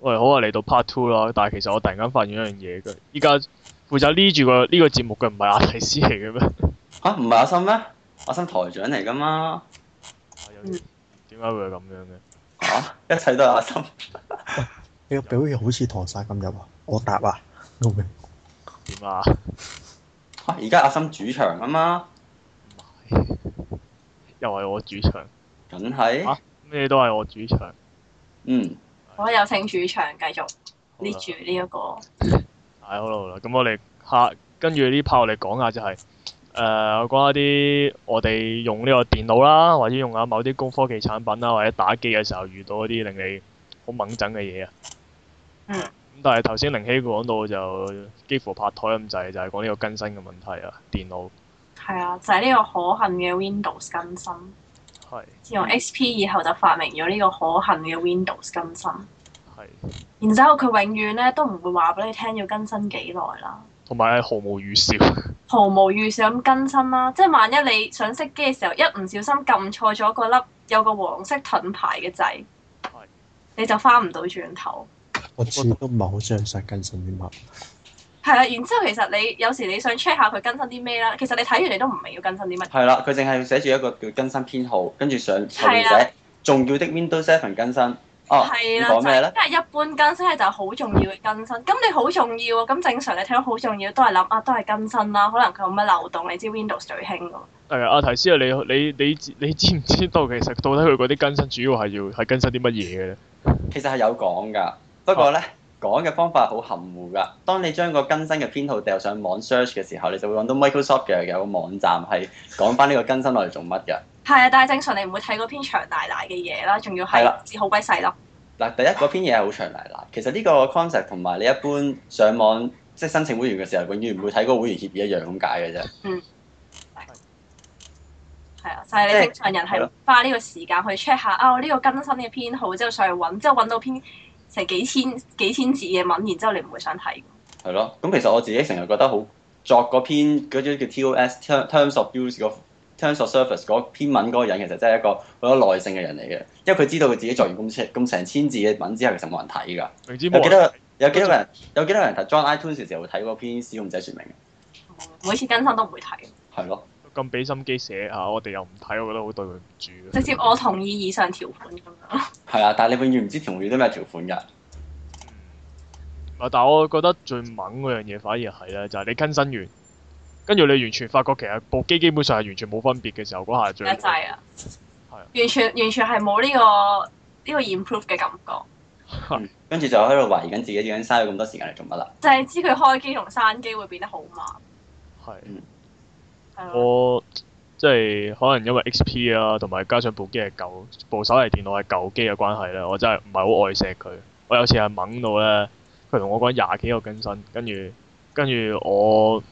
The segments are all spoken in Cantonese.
我哋、嗯、好啊，嚟到 part two 啦，但係其實我突然間發現一樣嘢嘅，依家負責呢住、這個呢、這個節目嘅唔係阿提斯嚟嘅咩？吓、啊？唔係阿森咩？阿森台長嚟㗎嘛？點解、啊、會係咁樣嘅？吓、啊？一切都係阿森 。你個表現好似堂晒咁樣啊？我答啊，聰明。點啊？吓、啊？而家阿森主場啊嘛。唔係又係我主場。緊係。嚇、啊！咩都係我主場。嗯。我有請主場，繼續捏住呢一個。係、 哎、好啦，咁我哋下跟住呢 part 嚟講下就係、是，誒、呃、我講一啲我哋用呢個電腦啦，或者用下某啲高科技產品啦，或者打機嘅時候遇到一啲令你好掹憎嘅嘢啊。嗯。咁但係頭先靈希講到就幾乎拍台咁滯，就係講呢個更新嘅問題啊，電腦。係啊，就係、是、呢個可恨嘅 Windows 更新。用 XP 以後就發明咗呢個可行嘅 Windows 更新，的然之後佢永遠咧都唔會話俾你聽要更新幾耐啦，同埋係毫無預兆， 毫無預兆咁更新啦、啊，即係萬一你想熄機嘅時候一唔小心撳錯咗個粒有個黃色盾牌嘅掣，的你就翻唔到轉頭。我知都唔係好張實更新啲乜。係啊，然之後其實你有時你想 check 下佢更新啲咩啦，其實你睇完你都唔明要更新啲乜。係啦，佢淨係寫住一個叫更新編號，跟住想上面寫重要的 Windows Seven 更新。哦、啊，係啦講咩啦，即係、就係、一般更新係就係好重要嘅更新。咁你好重要啊，咁正常你睇到好重要都係諗啊，都係更新啦。可能佢有咩漏洞？你知 Windows 最興㗎嘛。啊，阿提斯啊，你你你你，你知唔知道其實到底佢嗰啲更新主要係要係更新啲乜嘢嘅咧？其實係有講㗎，不過咧。講嘅方法好含糊㗎。當你將個更新嘅編號掉上網 search 嘅時候，你就會揾到 Microsoft 嘅有個網站係講返呢個更新落嚟做乜㗎？係啊，但係正常你唔會睇嗰篇長大大嘅嘢啦，仲要係好鬼細囉。嗱，第一嗰篇嘢係好長大大。其實呢個 concept 同埋你一般上網即係、就是、申請會員嘅時候，永遠唔會睇個會員協議一樣咁解嘅啫。嗯。係啊，就係、是、你正常人係花呢個時間去 check 下了啊，我、這、呢個更新嘅編號之後上去揾，之後揾到篇。成幾千幾千字嘅文，然之後你唔會想睇。係咯，咁其實我自己成日覺得好作嗰篇嗰啲叫 TOS terms of use terms of service 嗰篇文嗰個人，其實真係一個好有耐性嘅人嚟嘅，因為佢知道佢自己作完咁咁成千字嘅文之後，其實冇人睇㗎。你知唔知？有幾多有幾多個人有幾多個人裝 iTunes 時候會睇嗰篇使用者說明？嗯，每次更新都唔會睇。係咯。咁俾心機寫嚇，我哋又唔睇，我覺得好對佢唔住。直接我同意以上條款咁樣。係 啊，但係你永遠唔知同意啲咩條款㗎。啊、嗯！但係我覺得最猛嗰樣嘢反而係啦，就係、是、你更新完，跟住你完全發覺其實部機基本上係完全冇分別嘅時候，嗰下最。一滯啊！係、啊、完全完全係冇呢個呢、呢個 improve 嘅感覺。跟住、 嗯、就喺度懷疑緊自己點解嘥咗咁多時間嚟做乜啦？就係知佢開機同閂機會變得好慢。係、啊、嗯。我即係可能因為 X P 啊，同埋加上部機係舊部手提電腦係舊機嘅關係咧，我真係唔係好愛錫佢。我有次係掹到咧，佢同我講廿幾個更新，跟住跟住我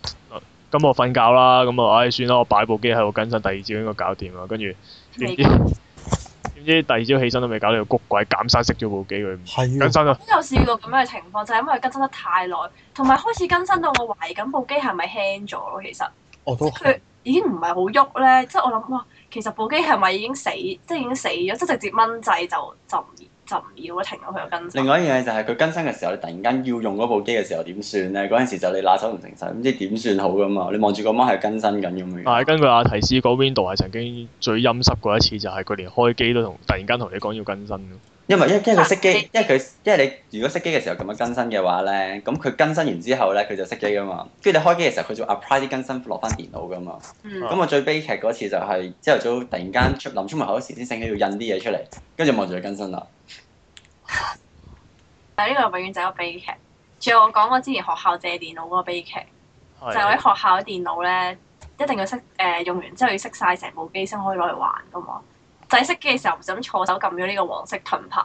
咁我瞓覺啦，咁啊，唉、嗯哎、算啦，我擺部機喺度更新，第二朝應該搞掂啦。跟住點知點 知第二朝起身都未搞到，谷鬼減晒熄咗部機佢更新啊！的有試過咁樣嘅情況，就係、是、因為更新得太耐，同埋開始更新到我懷疑緊部機係咪輕咗咯，其實。即佢、哦、已經唔係好喐咧，即係我諗哇，其實部機係咪已經死，即係已經死咗，即係直接掹掣就就唔就唔要停咗佢又更新。另外一樣就係佢更新嘅時候，你突然間要用嗰部機嘅時候點算咧？嗰陣時就你拿手唔成手，唔知點算好噶嘛？你望住個貓係更新緊咁樣。要唔要，但係根據阿提斯講，Windows 係曾經最陰濕過一次，就係佢連開機都同突然間同你講要更新。因為因因為熄機，因為佢因為你如果熄機嘅時候咁樣更新嘅話咧，咁佢更新完之後咧，佢就熄機㗎嘛。跟住你開機嘅時候，佢就 apply 啲更新落翻電腦噶嘛。咁、嗯、我最悲劇嗰次就係朝頭早突然間出臨出門口嗰時先醒起要印啲嘢出嚟，跟住望住佢更新啦。但係呢個永遠就係一個悲劇。仲有我講過之前學校借電腦嗰個悲劇，就係、我喺學校啲電腦咧一定要熄誒、呃、用完之後要熄晒成部機先可以攞嚟玩噶嘛。仔熄機嘅時候唔小心錯手撳咗呢個黃色盾牌，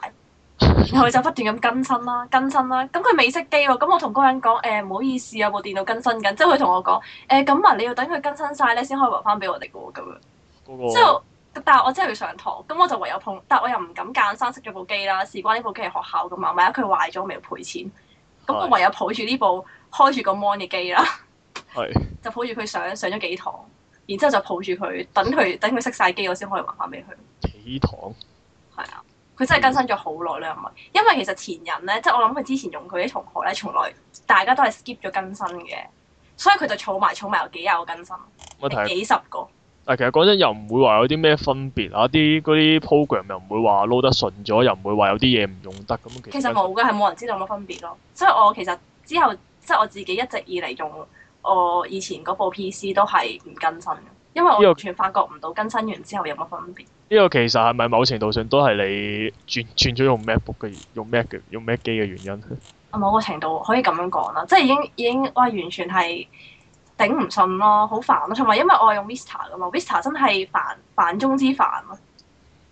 然後就不斷咁更新啦、更新啦。咁佢未熄機喎，咁我同工人講：誒、欸、唔好意思，有部電腦更新緊。之後佢同我講：誒咁啊，你要等佢更新晒咧，先可以還翻俾我哋嘅喎。咁樣多多之後，但係我真係要上堂，咁我就唯有碰，但係我又唔敢間生熄咗部機啦。事關呢部機係學校嘅嘛，萬一佢壞咗，我咪要賠錢。咁我唯有抱住呢部開住個 mon 嘅機啦， 就抱住佢上上咗幾堂。然之後就抱住佢，等佢等佢熄晒機，我先可以還翻俾佢。幾堂？係啊，佢真係更新咗好耐啦，係咪？因為其實前人咧，即係我諗佢之前用佢啲同學咧，從來大家都係 skip 咗更新嘅，所以佢就儲埋儲埋有幾廿個更新，幾十個。啊，其實講真又唔會話有啲咩分別啊，啲嗰啲 program 又唔會話撈得順咗，又唔會話有啲嘢唔用得咁。其實冇嘅，係冇人知道有乜分別咯。所以我其實之後即係我自己一直以嚟用。我以前嗰部 PC 都係唔更新因為我完全發覺唔到更新完之後有乜分別。呢個其實係咪某程度上都係你轉轉咗用 MacBook 嘅，用 Mac 用 Mac 機嘅原因？啊，某個程度可以咁樣講啦，即係已經已經哇，完全係頂唔順咯，好煩咯，同埋因為我係用 Vista 噶嘛 Vista 真係煩煩中之煩咯。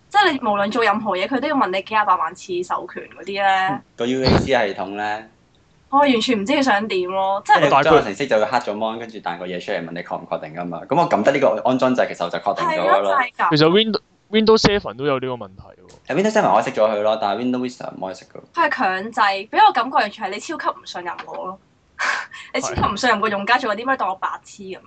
即係你無論做任何嘢，佢都要問你幾廿百萬次授權嗰啲咧。個 UAC 系統咧。我完全唔知佢想點咯，即係佢裝程式就就黑咗 mon 跟住彈個嘢出嚟問你確唔確定噶嘛？咁我撳得呢個安裝掣，其實我就確定咗咯。就是、其實 Wind ow, Windows Windows Seven 都有呢個問題喎。Windows Seven 我熄咗佢咯，但係 Windows Vista 唔可以熄佢。咯。係強制，俾我感覺完全係你超級唔信任我咯。 你超級唔信任個用家做，仲話點解當我白痴咁樣？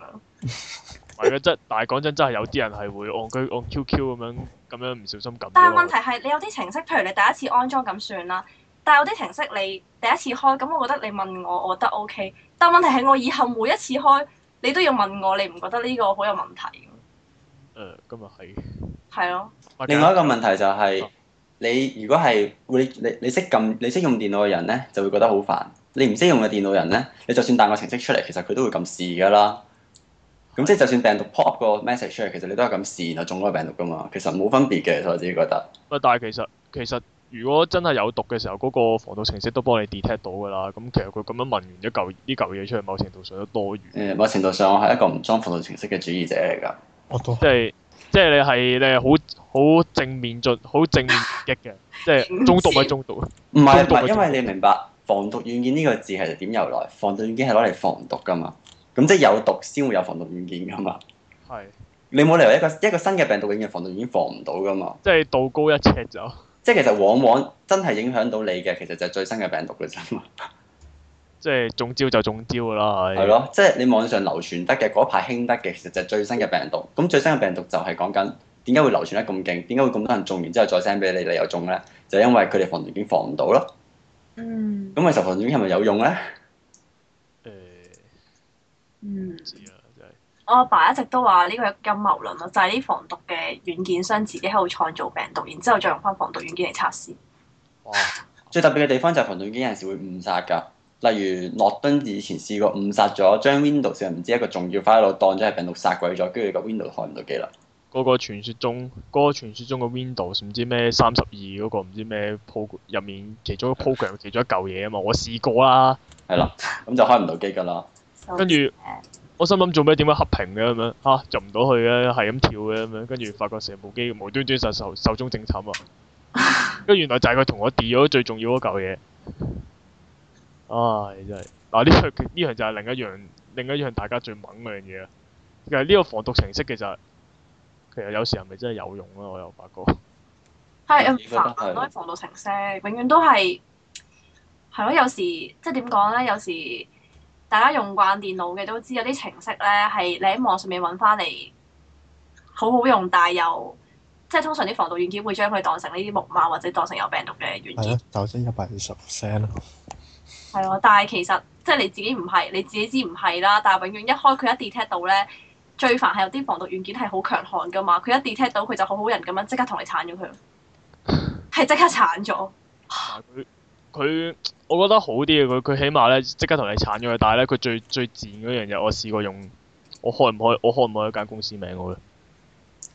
唔係嘅，但但但真但係講真，真係有啲人係會按佢按 QQ 咁樣咁樣唔小心撳。但係問題係你有啲程式，譬如你第一次安裝咁算啦。但有啲程式你第一次開，咁我覺得你問我，我覺得 OK。但問題係我以後每一次開，你都要問我，你唔覺得呢個好有問題？誒、呃，咁又係。係咯。另外一個問題就係，啊，你如果係會你你識撳你識用電腦嘅人咧，就會覺得好煩。你唔識用嘅電腦人咧，你就算彈個程式出嚟，其實佢都會咁試噶啦。咁即係就算病毒 pop 個 message 出嚟，其實你都係咁試，然後中個病毒噶嘛，其實冇分別嘅，所以我自己覺得。啊，但係其實其實。如果真係有毒嘅時候，嗰個防毒程式都幫你 detect 到㗎啦。咁其實佢咁樣問完一嚿呢嚿嘢出去，某程度上都多餘。某程度上我係一個唔裝防毒程式嘅主義者嚟㗎。即係即係你係你係好好正面進好正面擊嘅， 即係中毒咪中毒。唔係是因為你明白防毒軟件呢個字係點由來？防毒軟件係攞嚟防毒㗎嘛。咁即係有毒先會有防毒軟件㗎嘛。係是。你冇理由一個一個新嘅病毒已經防毒軟件防唔到㗎嘛？即係道高一尺就。即係其實往往真係影響到你嘅，其實就係最新嘅病毒嘅啫嘛。即係中招就中招啦，係咯。即係、就是、你網上流傳得嘅，嗰排興得嘅，其實就係最新嘅病毒。咁最新嘅病毒就係講緊點解會流傳得咁勁，點解會咁多人中完之後再 send 俾你，你又中咧？就因為佢哋防毒軟件防唔到咯。咁咪實防毒軟件係咪有用咧？誒。嗯。我阿爸一直都話呢個陰謀論咯，就係啲防毒嘅軟件商自己喺度創造病毒，然之後再用翻防毒軟件嚟測試。哇！最特別嘅地方就係防毒軟件有時會誤殺㗎。例如諾敦以前試過誤殺咗將 Windows 唔知一個重要 file 當咗係病毒殺鬼咗，跟住個 Windows 開唔到機啦。嗰個傳説中，嗰個傳説中嘅 Windows 唔知咩三十二嗰個唔知咩 program 入面其中一個 program 其中一嚿嘢啊嘛，我試過啦。係啦，咁就開唔到機㗎啦。 跟住。我心諗、啊、做咩點樣黑屏嘅咁樣吓入唔到去嘅，係咁跳嘅咁樣，跟、啊、住發覺成部機無端端就受受中正慘啊！跟住原來就係佢同我 delete 咗最重要嗰嚿嘢。唉、啊，真係嗱呢出呢樣就係另一樣另一樣大家最猛嘅樣嘢啊！其實呢個防毒程式其實其實有時係咪真係有用啊？我又發覺係防毒程式永遠都係係咯，有時即係點講咧？有時大家用慣電腦嘅都知有啲程式咧，係你喺網上面揾翻嚟好好用，但係又即係通常啲防毒軟件會將佢當成呢啲木馬或者當成有病毒嘅軟件。係咯，就真有一百二十 percent 咯。係啊，但係其實即係你自己唔係你自己知唔係啦，但係永遠一開佢一 detect 到咧，最煩係有啲防毒軟件係好強悍噶嘛，佢一 detect 到，佢就好好人咁樣即刻同你鏟咗佢咯，係即刻鏟咗。 佢我覺得好啲嘅佢佢起碼咧即刻同你鏟咗佢，但係咧佢最最賤嗰樣嘢，我試過用我開唔開我開唔開一間公司名我嘅。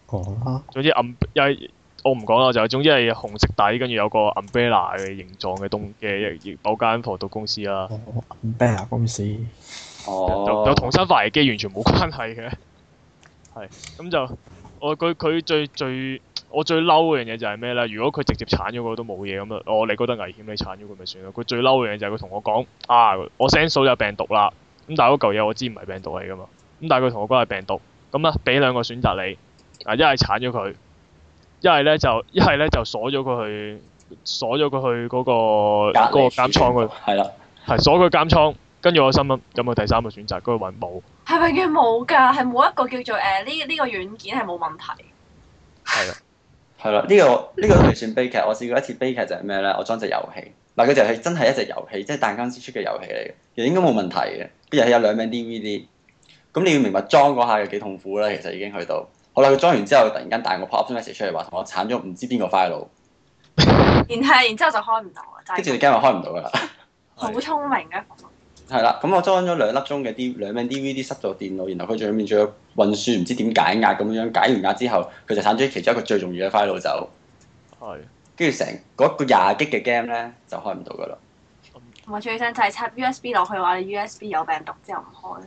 哦。總之銀、嗯、我唔講啦，就總之係紅色底，跟住有個 umbrella 嘅形狀嘅東嘅某間防毒公司啦。umbrella 公司。哦。同同生化危機完全冇關係嘅。係。 咁就我佢佢最最。最我最嬲嘅樣嘢就係咩咧？如果佢直接鏟咗佢都冇嘢咁啊！我、哦、你覺得危險，你鏟咗佢咪算咯？佢最嬲嘅嘢就係佢同我講啊，我 send 數有病毒啦。咁但係嗰嚿嘢我知唔係病毒嚟噶嘛？咁但係佢同我講係病毒。咁啊，俾兩個選擇你啊，一係鏟咗佢，一係咧就一係咧就鎖咗佢去鎖咗佢去嗰、嗰個嗰旁邊 個監倉佢。係啦的。係鎖佢監倉，跟住的我心諗有冇第三個選擇？佢揾冇。係咪叫冇㗎，係冇一個叫做誒呢呢個軟件係冇問題。係咯，呢個呢個都係算悲劇。我試過一次悲劇就係咩咧？我裝隻遊戲，嗱，佢就係真係一隻遊戲，即係彈弓輸出嘅遊戲嚟嘅，其實應該冇問題嘅。然後有兩名 DVD，咁你要明白裝嗰下有幾痛苦啦。其實已經去到好啦，佢裝完之後突然間彈個 pop message 出嚟話，同我剷咗唔知邊個 file，然後然之後就開唔到，就跟住你驚話開唔到啦，好聰明嘅、啊。 係啦，咁我裝咗兩粒鐘嘅啲兩蚊 D V D 塞咗電腦，然後佢最裏面仲有運輸，唔知點解壓咁樣解，解完壓之後，佢就鏟咗其中一個最重要嘅 file 走。係是的。跟住成嗰個廿 G 嘅 game 咧就開唔到噶啦。同埋、嗯、最憎就係插 U S B 落去話你 U S B 有病毒之後唔開。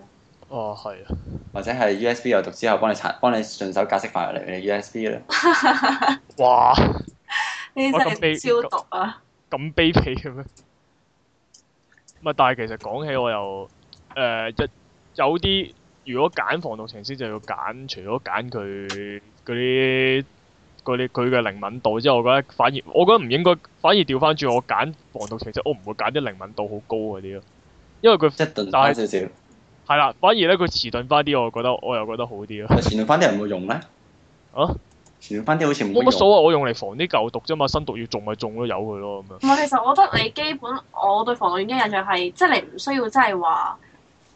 哦，係啊。或者係 U S B 有毒之後幫你拆，幫你順手格式化入嚟你 U S B 咧。哇！呢啲卑。消毒啊！咁、啊、卑鄙嘅咩？咪但係其實講起我又誒一，呃，有啲如果揀防毒程式就要揀除咗揀佢嗰啲啲佢嘅靈敏度之後，我覺得反而我覺得唔應該，反而調翻轉我揀防毒程式，我唔會揀啲靈敏度好高嗰啲咯，因為佢即係鈍翻少少，係啦，反而咧佢遲鈍翻啲，我覺得我又覺得好啲咯。遲鈍翻啲人會用咧？啊！轉翻啲好似冇乜所謂，我用嚟防啲舊毒啫嘛，新毒要中咪中咯，有佢咯咁樣。唔係，其實我覺得你基本，我對防毒軟件印象係，即係你唔需要真係話，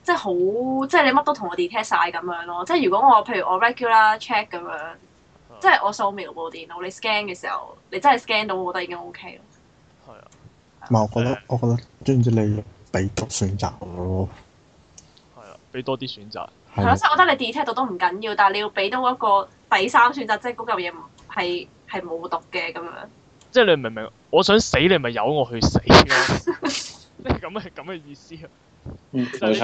即係好，即係你乜都同我 detect 晒咁樣咯。即係如果我譬如我 regular check 咁樣，即係我掃瞄部電腦，你 scan 嘅時候，你真係 scan 到，我覺得已經 OK 咯。係啊，唔係，我覺得，我覺得知唔知你俾多選擇咯。係啊，俾多啲選擇。係咯，即係我覺得你 detect 到都唔緊要，但係你要俾到一個。第三選擇即係嗰嚿嘢係係冇毒嘅咁樣，即係你明唔明？我想死你，咪由我去死咯，啊。咁嘅咁嘅意思啊，嗯冇錯。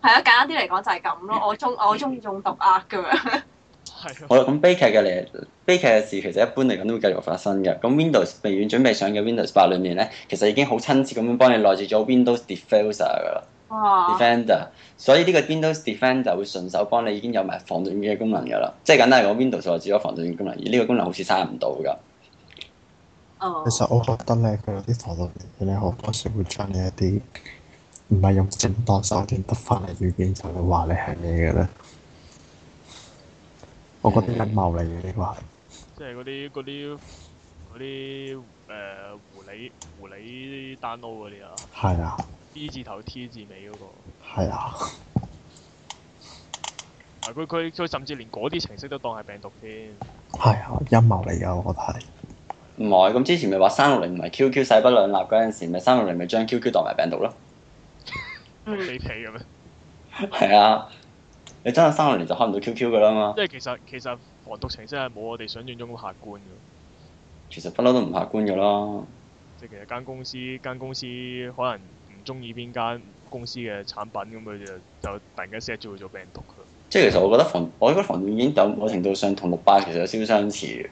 係啊， 簡單啲嚟講就係咁咯。我中我中意中毒啊咁樣。係 啊的。好啦，咁悲劇嘅嚟，悲劇嘅事其實一般嚟講都會繼續發生嘅。咁 Windows 微軟準備上嘅 Windows 八裏面咧，其實已經好親切咁樣幫你內置咗 Windows Defender 噶啦。哦，Defender，所以呢個 Windows Defender 就會順手幫你已經有埋防毒軟件功能噶啦，即係簡單嚟講，Windows 就係只有防毒軟件功能，而呢個功能好似差唔到噶。哦。其實我覺得咧，佢有啲防毒軟件咧，好多時會將你一啲唔係用正當手段得翻嚟嘅軟件就話你係咩嘅咧？我覺得陰謀嚟嘅呢個係。即係嗰啲嗰啲嗰啲誒狐狸狐狸 download 嗰啲啊。係啊。B 字頭 T 字尾嗰個係啊，佢佢佢甚至連嗰啲程式都當係病毒添，係啊，陰謀嚟噶，我覺得係唔係？咁之前咪話三六零唔係 QQ 勢不兩立嗰陣時，咪三六零咪將 QQ 當埋病毒咯？死皮咁樣？係啊，你真係三六零就開唔到 QQ 噶啦嘛？即係其實其實防毒程式係冇我哋想象中咁客觀嘅，其實不嬲都唔客觀噶啦。即係其實間公司間公司可能。中意邊間公司嘅產品，咁佢就就突然間 set 咗去做病毒咯。即係其實我覺得防我覺得防已經有某程度上同木馬其實有少少相似嘅。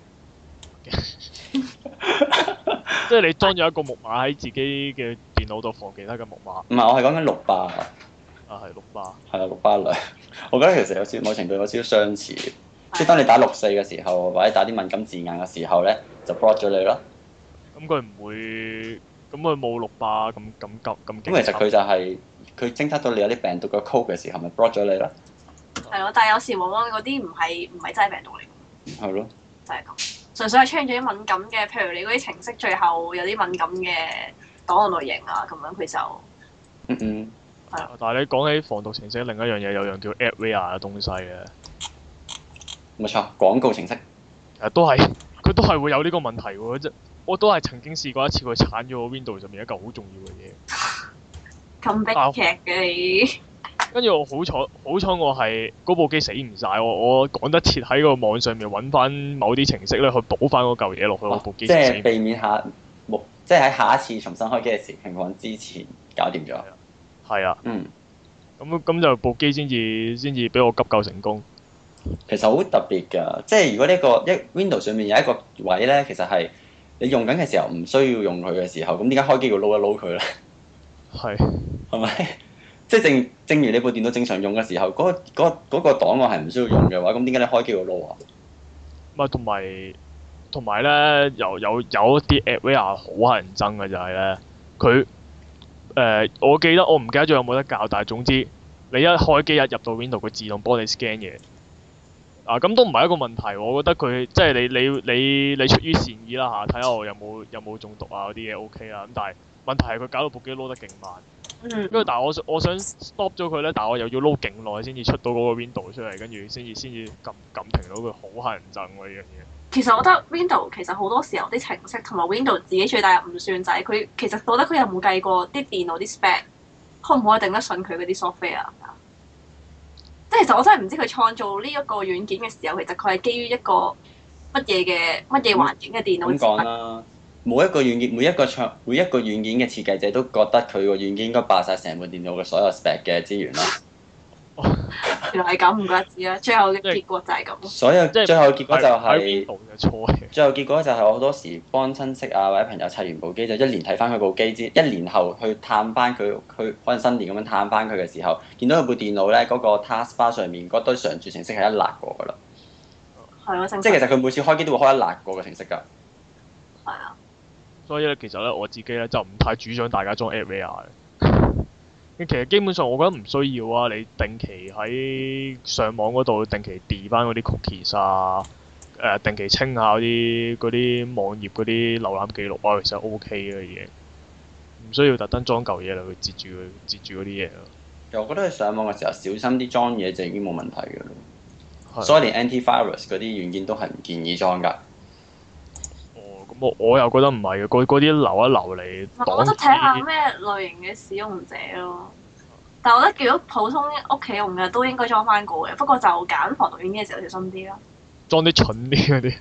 即係你裝咗一個木馬喺自己嘅電腦度，防其他嘅木馬。唔係，我係講緊木馬啊。啊，係木馬。係啊，木馬類。我覺得其實有少某程度有少少相似。即係當你打六四嘅時候，或者打啲敏感字眼嘅時候咧，就 block 咗你咯。咁佢唔會？咁佢冇綠壩咁咁急，咁咁其實佢就係佢、就是、偵測到你有啲病毒嘅 code 嘅時候，咪 block 咗你啦。係咯，但係有時往往嗰啲唔係唔係真係病毒嚟。係咯了。就係咁。純粹係出現咗啲敏感嘅，譬如你嗰啲程式最後有啲敏感嘅檔案類型啊，咁樣佢就。嗯嗯。係啊了，但係你講起防毒程式，另一樣嘢有樣叫 adware 嘅東西咧。冇錯，廣告程式。誒，都係。佢都係會有呢個問題喎，即我都係曾經試過一次，佢鏟咗個 Window 上面一嚿好重要嘅嘢咁悲劇嘅。啊、跟住我 好彩，好彩，我係嗰部機死唔晒。我我趕得切喺個網上面揾翻某啲程式咧，去補翻嗰嚿嘢落去部機、哦、即係避免下，即係喺下一次重新開機嘅時情況之前搞掂咗。係啊，啊嗯，咁咁就部機先至先至俾我急救成功。其實好特別㗎，即係如果呢、呢個一、呢個、Window 上面有一個位咧，其實係。你用緊嘅時候唔需要用佢嘅時候，咁點解開機要撈一撈佢呢？係係咪？即係 正正如你部電腦正常用嘅時候，嗰嗰嗰個檔案係唔需要用嘅話，咁點解你開機要撈啊？同埋同埋咧，有有有一啲 appware 好乞人憎嘅就係、是、呢。佢誒、呃，我記得我唔記得咗有冇得教，但係總之你一開機一入到 Window，佢自動幫你 scan 嘢。啊，咁都唔係一個問題喎，我覺得佢即係你你你你出於善意啦嚇，睇下我有冇有冇中毒啊嗰啲嘢 OK 啦、啊，咁但係問題係佢搞到部機撈得勁慢，嗯、因為但係我我想 stop 咗佢咧，但係我又要撈勁耐先至出到嗰個 Window 出嚟，跟住先至先至撳撳停到佢，好乞人憎喎依樣嘢。其實我覺得 Window 其實好多時候啲程式同埋 Window 自己最大唔算仔、就是，佢其實我覺得佢有冇計過啲電腦啲 spec 可唔可以頂得順佢嗰啲 software。即係其實我真係唔知佢創造呢一個軟件嘅時候，其實佢係基於一個乜嘢嘅乜嘢環境嘅電腦？咁講啦，每一個軟件、每一個創、每一個軟件嘅設計者都覺得佢個軟件應該霸晒成部電腦嘅所有 spec 嘅資源咯。 原來係咁，唔怪得之啦。最後嘅結果就係咁。所以最、就是、最後結果就係，最後結果就係我好多時幫親戚啊或者朋友砌完部機，就一年睇翻佢部機之，一年後去探翻佢，去可能新年咁樣探翻佢嘅時候，見到佢部電腦咧嗰個 Taskbar 上面嗰堆常駐程式係一辣過噶啦。係啊、嗯，即係其實佢每次開機都會開一辣過嘅程式噶。係啊、嗯。所以咧，其實咧我自己咧就唔太主張大家裝 a i p a r 其實基本上我覺得唔需要啊！你定期喺上網嗰度定期 delete 翻嗰啲 cookie 啊，誒、呃、定期清下啲嗰啲網頁嗰啲瀏覽記錄啊，其實 OK 嘅嘢，唔需要特登裝嚿嘢嚟去截住佢，截住嗰啲嘢咯。我覺得你上網嘅時候小心啲裝嘢就已經冇問題嘅的，所以連 anti virus 嗰啲軟件都係唔建議裝噶。我又覺得唔係嗰啲留一留嚟擋。我都睇下咩類型嘅使用者咯，但係我覺得如果普通屋企用嘅都應該裝翻個嘅，不過就揀防毒軟件嘅時候小心啲啦。裝啲蠢啲嗰啲。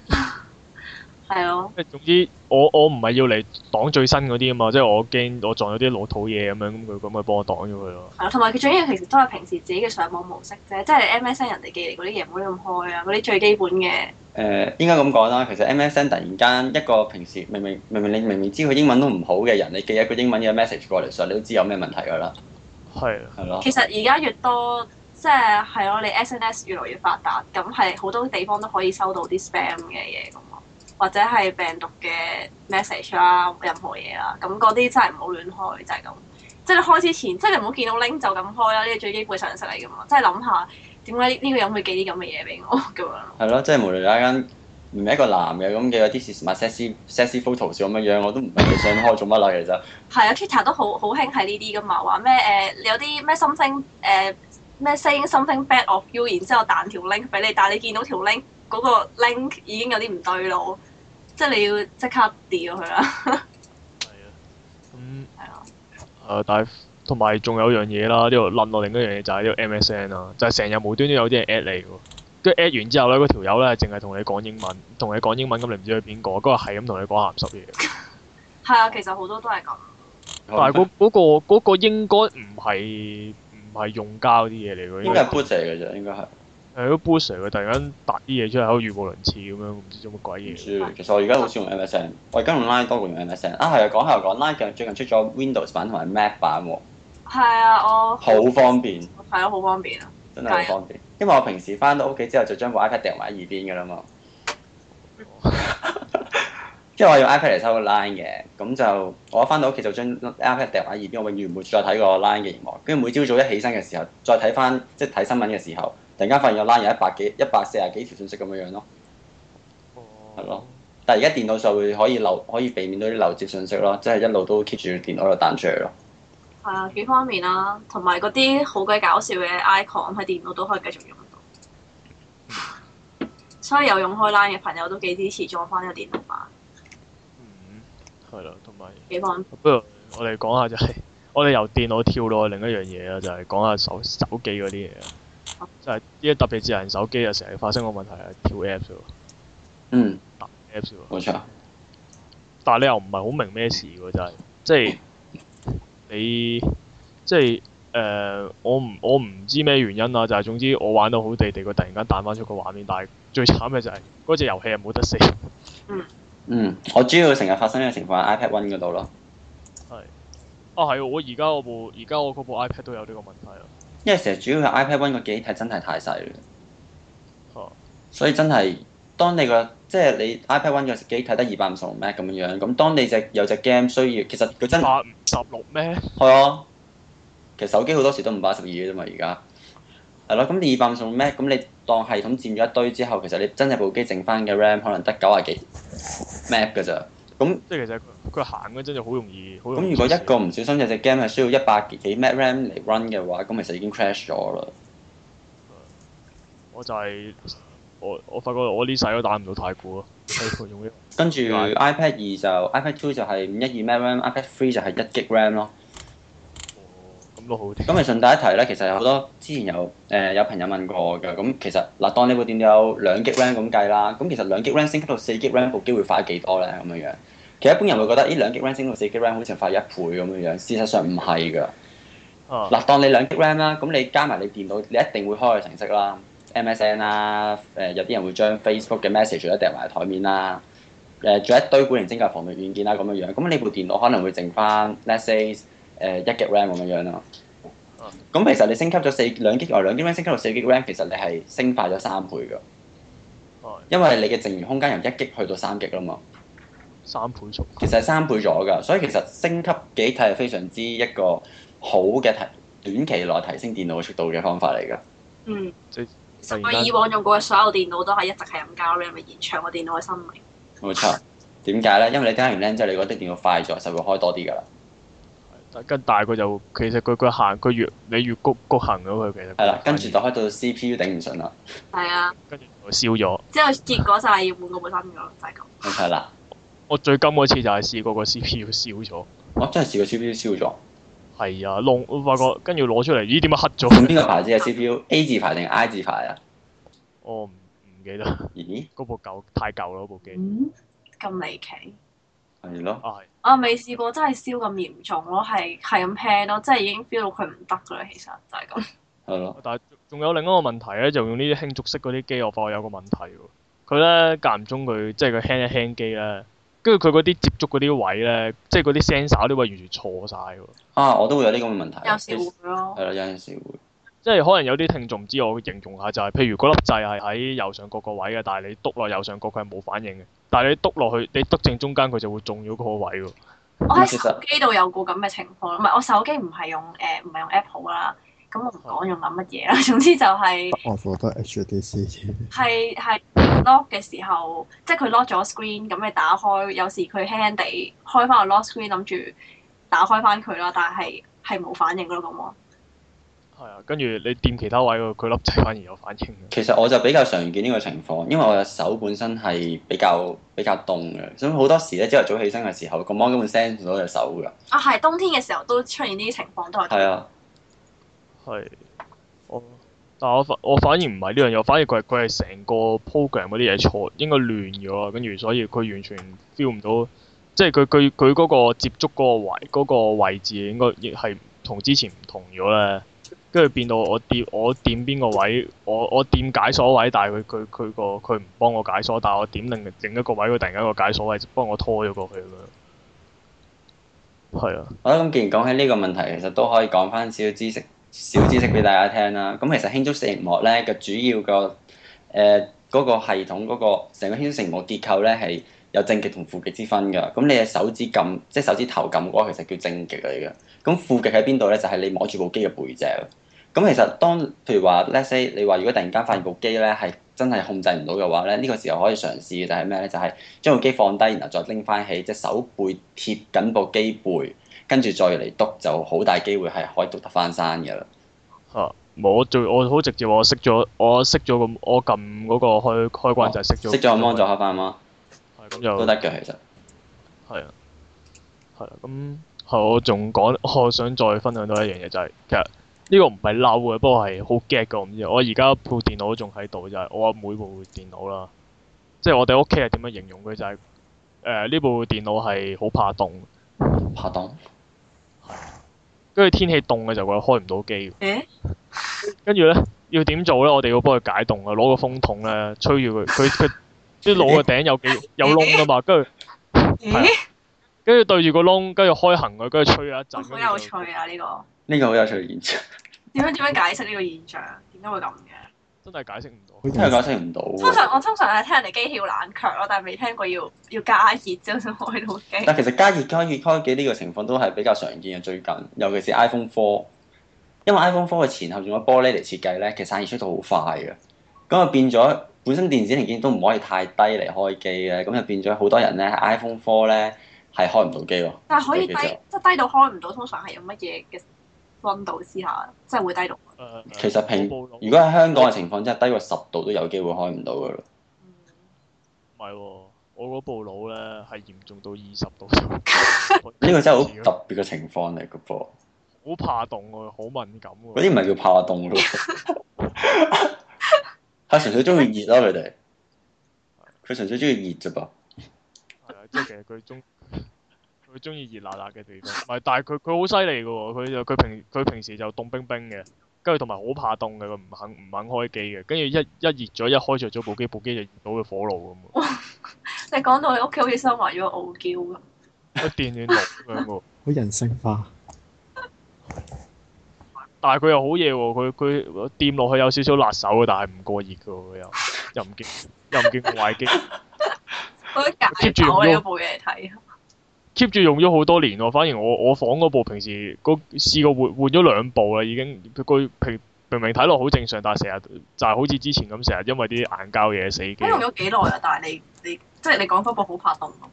係咯，即總之我，我我唔係要你擋最新嗰啲啊嘛，即係我驚我撞咗啲老土嘢咁樣，咁佢可唔可以幫我擋咗佢咯？係啊，同埋佢最緊要，其實都係平時自己嘅上網模式啫，即係 MSN 人哋寄嚟嗰啲嘢唔好咁開啊，嗰啲最基本嘅誒、呃，應該咁講啦。其實 MSN 突然間一個平時明明明明你明明，明明知佢英文都唔好嘅人，你寄一個英文嘅 message 過嚟，上，你都知有咩問題㗎啦。係係咯。的的其實而家越多，即係係咯，你 SNS 越嚟越發達，咁係好多地方都可以收到啲 spam 嘅嘢㗎嘛。或者係病毒嘅 message 啦、啊，任何嘢啦、啊，咁嗰啲真係唔好亂開，就係、是、咁。即係開之前，即係你唔好見到 link 就咁開啦，呢個最基本常識嚟噶嘛。即係諗下點解呢個人會寄啲咁嘅嘢俾我咁樣。係咯，即係無釐間唔係一個男嘅咁嘅，有啲 message、sexy photos 咁樣樣，我都唔明佢想開做乜啦其實。係啊，Twitter 都好好興係呢啲噶嘛，話咩誒有啲咩心聲誒咩、呃、saying something bad of you，然之後彈條 link 俾你，你，但係你見到條 link。嗰個 link 已經有啲唔對路，即係你要即刻掉咗佢啦。係啊，咁係啊，誒的，但係同埋仲有樣嘢啦，呢度論落另一樣嘢就係呢個 MSN 啊，就係成日無端端有啲人 at 你喎，跟住 at 完之後咧，嗰條友咧係淨係同你講英文，同你講英文咁，你唔知佢邊個，佢話係咁同你講鹹濕嘢。係啊，其實好多都係咁。 但係嗰嗰個嗰、那個那個、應該唔係唔係用家啲嘢嚟喎，應該係僕嘅啫，應該係。 係嗰 b o o 佢突然間打啲嘢出嚟，好語無倫次咁樣，唔知做乜鬼嘢。啊、其實我而家好少用 MSN，我而家用 Line 多過用 MSN。啊係啊，講下又講 Line 最近出咗 Windows 版同埋 Mac 版喎。係啊，我好方便。係啊，好方便啊，真係好方便。啊、因為我平時翻到屋企之後，就將部 iPad 掟埋喺耳邊㗎啦嘛。 即係我用 iPad 嚟收個 Line 嘅，咁就我一翻到屋企就將 iPad 掟埋耳邊，我永遠唔會再睇個 Line 嘅屏幕。跟住每朝早一起身嘅時候，再睇翻即係睇新聞嘅時候。突然間發現有 Line，有一百幾、一百四十幾條信息咁樣樣咯，係咯、oh。但係而家電腦就會可以留，可以避免到啲漏接信息咯，即、就、係、是、一路都 keep 住電腦度彈出嚟咯。係啊，幾方便啦、啊，同埋嗰啲好鬼搞笑嘅 icon 喺電腦都可以繼續用到。所以有用開 Line 嘅朋友都幾支持裝翻個電腦版。 嗯，係啦，同埋幾方便。不如我哋講下就係、是，我哋由電腦跳落另一樣嘢啊，就係、是、講下手手機嗰啲嘢啊。就係呢啲特別智能手機啊，成日發生個問題係跳 apps 咯。嗯，打 apps 咯，冇錯。但係你又唔係好明咩事喎？就係，即係你即係誒，我唔我唔知咩原因啊。就係總之我玩到好地地，佢突然間彈翻出個畫面。但係最慘嘅就係嗰隻遊戲又冇得死。嗯，嗯，我主要成日發生呢個情況喺 iPad One 嗰度咯。係，啊係，我而家我部而家我嗰部 iPad 都有呢個問題啊。因為成日主要係 iPad One 個機體真係太細啦，啊、所以真係當你個即係你 iPad One 個機體得二百五十六 Mbps 咁樣，咁當你有隻有隻 game 需要，其實佢真係二百五十六咩？係嗎啊，其實手機好多時都五百二十二啫嘛，而家係咯。咁你二百五十五 Mbps，咁你當系統佔咗一堆之後，其實你真係部機剩翻嘅 RAM 可能得九啊幾 Mbps 㗎咋。咁、嗯、即係其實佢行嗰陣就好容易，咁如果一個唔小心有隻 game 係需要一百幾 Meg RAM 嚟 run 嘅話，咁其實就已經 crash 咗啦、嗯。我就係、是、我我發覺我呢世都打唔到太古咯，跟住 iPad 二就 iPad two 就係五一二 Meg RAM，iPad three 就係一 G RAM 咯。咁咪、嗯、順帶一提咧，其實有好多之前有誒、呃、有朋友問過我嘅，咁其實嗱，當你部電腦有兩 G RAM 咁計啦，咁其實兩 G RAM 升級到四 G RAM 部機會快幾多咧？咁樣樣，其實一般人會覺得呢兩 G RAM 升到四 G RAM 好似快一倍咁樣樣，事實上唔係㗎。嗱、啊，當你兩 G RAM 啦，咁你加埋你電腦，你一定會開嘅程式啦，MSN 啦，誒、啊、有啲人會將 Facebook 嘅 message 一掟埋台面啦，誒仲有一堆典型精簡防毒軟件啦，咁樣樣，咁你部電腦可能會剩翻。誒一吉 RAM 咁樣咯，咁、嗯、其實你升級咗四兩吉哦兩吉 RAM 升級到四吉 RAM，其實你係升快咗三倍噶，嗯、因為你嘅剩餘空間由一吉去到三吉啦嘛。三倍其實係三倍咗噶，所以其實升級幾吉係非常之一個好嘅提短期內提升電腦嘅速度嘅方法嚟噶。嗯，我以，以往用過嘅所有電腦都係一直係咁加 RAM 嘅，延長個電腦嘅生命。冇錯，點解咧？因為你加完 RAM 之後，你啲電腦快咗，就會開多啲噶啦。跟大個就其實佢佢行佢越你越焗焗行咗。佢其實係啦，跟住就開到 C P U 頂唔順啦。係啊，跟住燒咗。之後結果就係要換個部新嘅咯，就係、是、咁。啦， 我最今嗰次就係試過個 C P U 燒咗。我、哦、真係試過 C P U 燒咗。係啊，弄我發覺跟住攞出嚟，咦？點解黑咗？邊個牌子係 C P U？A 字牌定 I 字牌啊？我唔唔記得。咦？嗰部舊太舊啦，嗰部機。咁離奇。係咯，啊未試過真係燒咁嚴重咯，係係咁平咯，即係已經 feel 到佢唔得噶啦，其實就係咁。係咯的，但係仲有另一個問題咧，就用呢啲輕觸式嗰啲機，我發覺有個問題喎。佢咧間唔中佢即係佢輕一輕機咧，跟住佢嗰啲接觸嗰啲位咧，即係嗰啲 sensor 啲位完全錯晒喎。啊，我都會有啲咁嘅問題。有時會咯。係啦，有陣時會。即係可能有啲聽眾唔知，我形容下就係、是，譬如嗰粒掣係喺右上角個位嘅，但係你篤落右上角佢係冇反應嘅。但你篤落去，你篤正中間，佢就會中咗個位喎。我喺手機度有個咁嘅情況，唔係我手機唔係用誒，唔係用 Apple 啦，咁我唔講用緊乜嘢啦。總之就係我用得 HTC。係係 lock 嘅時候，即係佢 lock 咗 screen，咁你打開，有時佢輕輕地開翻個 lock screen，諗住打開翻佢啦，但係係冇反應咯，咁喎。係啊，跟住你掂其他位，佢粒仔反而有反應。其實我就比較常見呢個情況，因為我手本身係比較比較凍嘅，所以好多時咧朝頭早上起身嘅時候個 mon 根本 send 唔到隻手噶。啊，係冬天嘅時候都出現呢啲情況都係。係啊，係。我但係我反我反而唔係呢樣，又反而佢佢係成個 program 嗰啲嘢錯，應該亂咗啊，跟住所以佢完全 feel 唔到，即係佢佢佢嗰個接觸嗰個位，嗰個位置應該係同之前唔同咗咧。跟住變到我點我點邊個位，我我點解鎖位，但係佢佢佢佢唔幫我解鎖，但係我點另另一個位，佢突然間一個解鎖位幫我拖咗過去咁樣。係啊，好啦，咁既然講起呢個問題，其實都可以講翻少少知識少知識俾大家聽啦。咁其實輕觸式熒幕呢個主要個誒嗰個系統嗰個成個輕觸熒幕結構呢，係有正極同負極之分嘅。咁你隻手指撳即係手指頭撳嗰個，其實叫正極嚟嘅。咁負極喺邊度呢？就係你摸住部機嘅背脊。咁其實當譬如話，let's say 你話如果突然間發現部機咧係真係控制唔到嘅話咧，呢、呢個時候可以嘗試嘅就係咩咧？就係、係、將部機放低，然後再拎翻起，隻手背貼緊部機背，跟住再嚟篤，就好大機會係可以篤得翻山嘅啦。嚇！冇，最我好，好直接，我熄咗，我熄咗個，我撳嗰個開開關就係熄咗，熄咗個芒就開翻啦。係咁就都得嘅，其實係啊，係啊，咁係我仲講，我想再分享多一樣嘢，就係其實。呢個唔係嬲嘅，不過係好驚嘅。我唔知，我而家部電腦仲喺度就係我阿妹部電腦啦。即係我哋屋企係點樣形容佢就係誒呢部電腦係好怕凍，怕凍。係。跟住天氣凍嘅時候，佢開唔到機。跟住咧要點做咧？我哋要幫佢解凍嘅，攞個風筒咧吹住佢，佢佢啲腦嘅頂有幾有窿㗎嘛，跟住係。著跟住對住個窿，跟住開行嘅，跟住吹一陣。好有趣啊！呢、呢個呢個好有趣嘅現象。點樣點樣解釋呢個現象？點解會咁嘅？ 真係解釋唔到。真係解釋唔到。通常我通常係聽人哋機器要冷卻咯，但係未聽過要要加熱之後先開到機。但其實加熱、加熱、開機呢個情況都係比較常見嘅。最近尤其是 iPhone Four，因為 iPhone Four 嘅前後用咗玻璃嚟設計咧，其實散熱速度好快嘅。咁就變咗本身電子零件都唔可以太低嚟開機嘅。咁就變咗好多人咧，iPhone Four 咧。係開唔到機咯，但係可以低，即係低到開唔到。通常係有乜嘢嘅溫度之下，即係會低到。呃、其實平，部如果喺香港嘅情況下，即係、呃、低過十度都有機會開唔到嘅咯。唔係喎，我嗰部腦咧係嚴重到二十度呢 個真係好特別嘅情況嚟嘅噃。 好怕凍啊，好敏感喎、啊。嗰啲唔係叫怕凍咯，係純粹中意熱咯佢哋。佢純粹中意熱啫噃。係啊，即係其實佢中。佢中意熱辣辣嘅地方，唔係，但係佢佢好犀利㗎喎，佢就佢平佢平時就凍冰冰嘅，跟住同埋好怕凍嘅，佢唔肯唔肯開機嘅，跟住一一熱咗一開著咗部機，部機就熱到個火爐咁啊！你講到你屋企好似收埋咗傲嬌咁，電暖爐咁樣嘅喎，好人性化。但係佢又好熱喎，佢佢掂落去有少少辣手嘅，但係唔過熱㗎喎，又又唔驚又唔驚壞機。接住我呢部嘢嚟睇。keep 住用咗好多年喎，反而我我房嗰部平時嗰試過換換咗兩部啦，已經佢平明明睇落好正常，但係成日就係、是、好似之前咁，成日因為啲硬膠嘢死機。我用咗幾耐啦，但係你你，你即係你講嗰部好怕凍咯。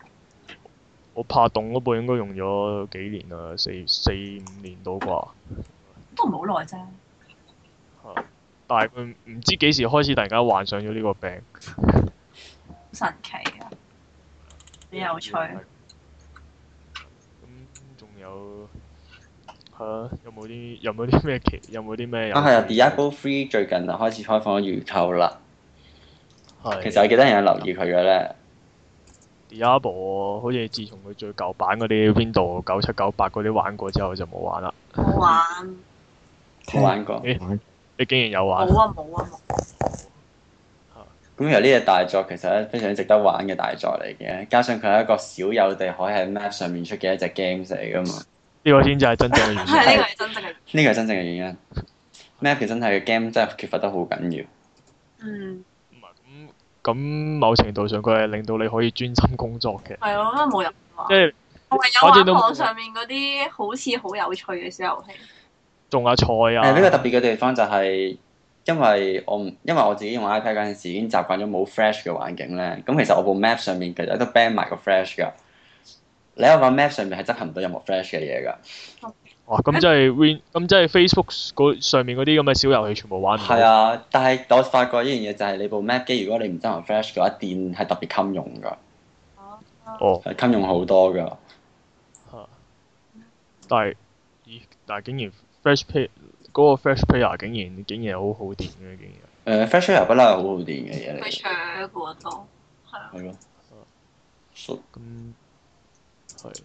我怕凍嗰部應該用咗幾年啦，四四五年到啩。都唔好耐啫。係， 但係唔知幾時開始突然間患上咗呢個病。神奇啊！你好有趣、啊。有係啊！有冇啲有冇啲咩奇有冇啲咩啊？係啊！Diablo Three 最近啊開始開放預購啦。係是。其實有幾多人有留意佢嘅咧、啊、？Diablo 好似自從佢最舊版嗰啲 Windows 九七九八嗰啲玩過之後就冇玩啦。冇玩。冇 玩過。你、欸、你竟然有玩？冇啊冇啊冇。咁由呢隻大作其實咧非常值得玩嘅大作嚟嘅，加上佢係一個少有地可以喺 Map 上面出嘅一隻 game 嚟噶嘛。呢個先至係真正嘅原因。呢個係真正嘅。呢個係真正嘅原因。Map 其實真係嘅 game 真係缺乏得好緊要。嗯。咁，某程度上佢係令到你可以專心工作嘅。係咯，因為冇人。即係我有玩網上面嗰啲好似好有趣嘅小遊戲。仲有菜啊！呢個特別嘅地方就係。因為我因為我自己用 iPad 嗰陣時已經習慣咗冇 Flash 嘅環境咧，咁其實我部 Mac 上面其實都 ban 埋個 Flash 㗎。你有個 Mac 上面係執行唔到任何 Flash 嘅嘢㗎。哦、啊，咁即係 Win，咁即係 Facebook 上面嗰啲咁嘅小遊戲全部玩唔到。係啊，但係我發覺依樣嘢就係你部 Mac 機，如果你唔執行 Flash 嘅話，電係特別襟用㗎。哦，係襟用好多㗎。但係，但係竟然 Flash 片。嗰個 Flash Player 竟然竟然好耗電嘅，竟然誒、啊 uh, Flash Player 不嬲係好耗電嘅嘢嚟嘅，check 過多係咯，嗯，咁係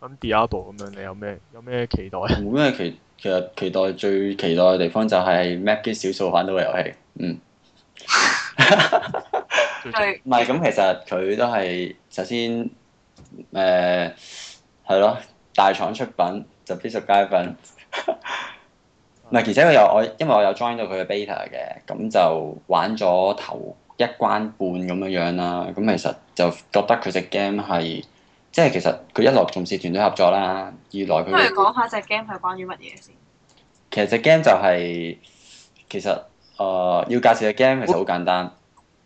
咁 Diablo 咁樣，你有咩有咩期待？冇咩期，其實期待最期待嘅地方就係 Mac 機少數玩到嘅遊戲，嗯，係咪咁？其實佢都係首先誒係咯，大廠出品就必須佳品。唔係，其實我有我，因為我有 join 到佢嘅 beta 嘅，咁就玩咗頭一關半咁樣樣啦。咁其實就覺得佢隻 game 係即係其實佢一來重視團隊合作啦，二來佢不如講下隻 game 係關於乜嘢先。其實隻 game 就係其實誒要介紹隻 game 其實好簡單。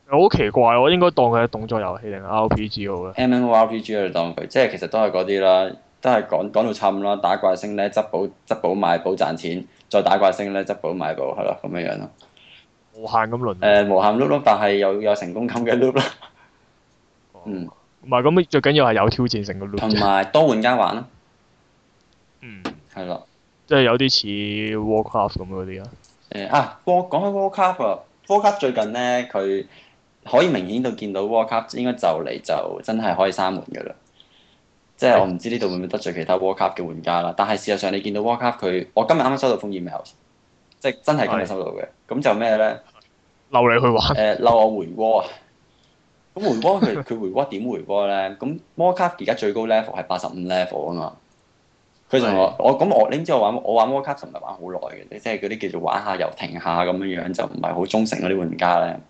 好奇怪，我應該當佢係動作遊戲定 RPG 好咧？MMORPG 嚟當佢，即係其實都係嗰啲啦，都係講講到差唔多啦，打怪升呢，執寶執寶賣寶賺錢。再打怪星咧，執寶買寶，係咯，咁樣樣咯、呃。無限咁輪。誒，無限碌碌，但係有有成功感嘅碌。loop 咯。嗯，唔係，咁最緊要係有挑戰性嘅 loop。同埋多玩家玩咯。嗯，係咯吧，即係有啲似 Warcraft 咁嗰啲啊。誒、呃、啊，講講開 Warcraft 啊 Warcraft 最近咧，佢可以明顯到見到 Warcraft 應該就嚟就真係可以閂門嘅啦。即係我唔知呢度會唔會得罪其他 War Cup 嘅玩家啦。但係事實上你見到 War Cup 佢，我今日啱啱收到封 email，即係真係今日收到嘅。咁的就咩咧？嬲你去玩？誒、呃，留我回鍋啊！咁 回鍋佢，佢回鍋點回鍋咧？咁 War Cup 而家最高 level 係八十五 level 啊嘛。佢同的我，我咁我，你知我玩我玩 War Cup 唔係玩好耐嘅，即係嗰啲叫做玩下又停下咁樣樣，就唔係好忠誠嗰啲玩家咧。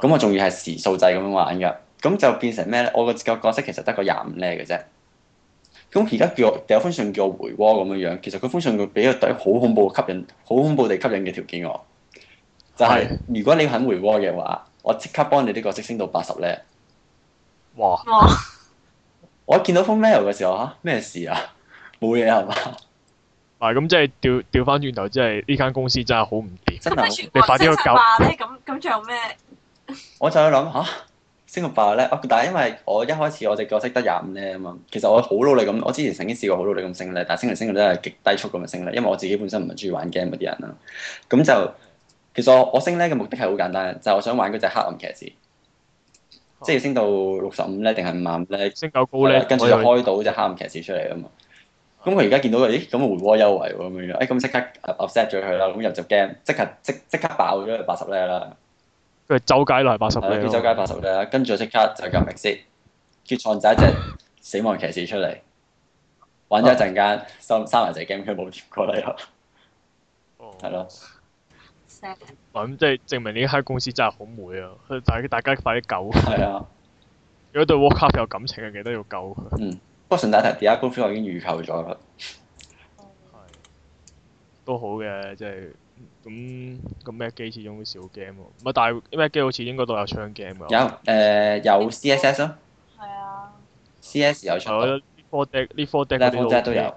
咁我仲要係時數制咁樣玩嘅。咁就變成咩咧？我個個角色其實得個廿五 level 嘅啫。咁而家叫我掉封信叫我回鍋咁樣樣，其實佢封信佢俾個底好恐怖吸引，好恐怖地吸引嘅條件我，就係、是、如果你肯回鍋嘅話，我即刻幫你啲角色升到八十 level。哇！哇我一見到封 mail 嘅時候嚇，咩事啊？冇嘢係嘛？啊咁即係調調翻轉頭，即係呢間公司真係好唔掂，真係你快啲要救咧！咁咁仲有咩？ 我就要諗嚇。啊升到爆咧，但係因為我一開始我隻腳識得廿五呢啊嘛，其實我好努力咁，我之前曾經試過好努力咁升呢，但係升嚟升去真係極低速咁樣升呢，因為我自己本身唔係中意玩 game 嗰啲人啦。咁就其實我我升呢嘅目的係好簡單，就係、我想玩嗰隻黑暗騎士，即係升到六十五呢定係五十五呢，升夠高呢，啊、高利跟住就開到隻黑暗騎士出嚟啊嘛。咁佢而家見到佢咦咁回鍋優惠喎咁樣，哎咁即刻 offset 咗佢啦，咁入 game，即刻即即刻，刻爆咗八十呢啦。佢走街來八十，佢走街八十咧，嗯、跟住即、嗯、刻就撳 exit，佢創造一隻死亡騎士出嚟，玩咗一陣間，收收埋隻 game 佢冇接過嚟咯，係咯、哦，咁即係證明呢間公司真係好霉啊！佢大家快啲救，係啊了， 如果對 Warcraft 有感情嘅，記得要救。嗯，不過神打台地下功夫我已經預購咗啦，係、嗯，都好嘅，即、就、係、是。咁咁 Mac 機始終少 game 喎，唔係，但係 Mac 機好似應該都有槍 game 啊、呃。有誒、嗯、CS 有 CSS 咯。係啊。CS 有槍。呢科的都有。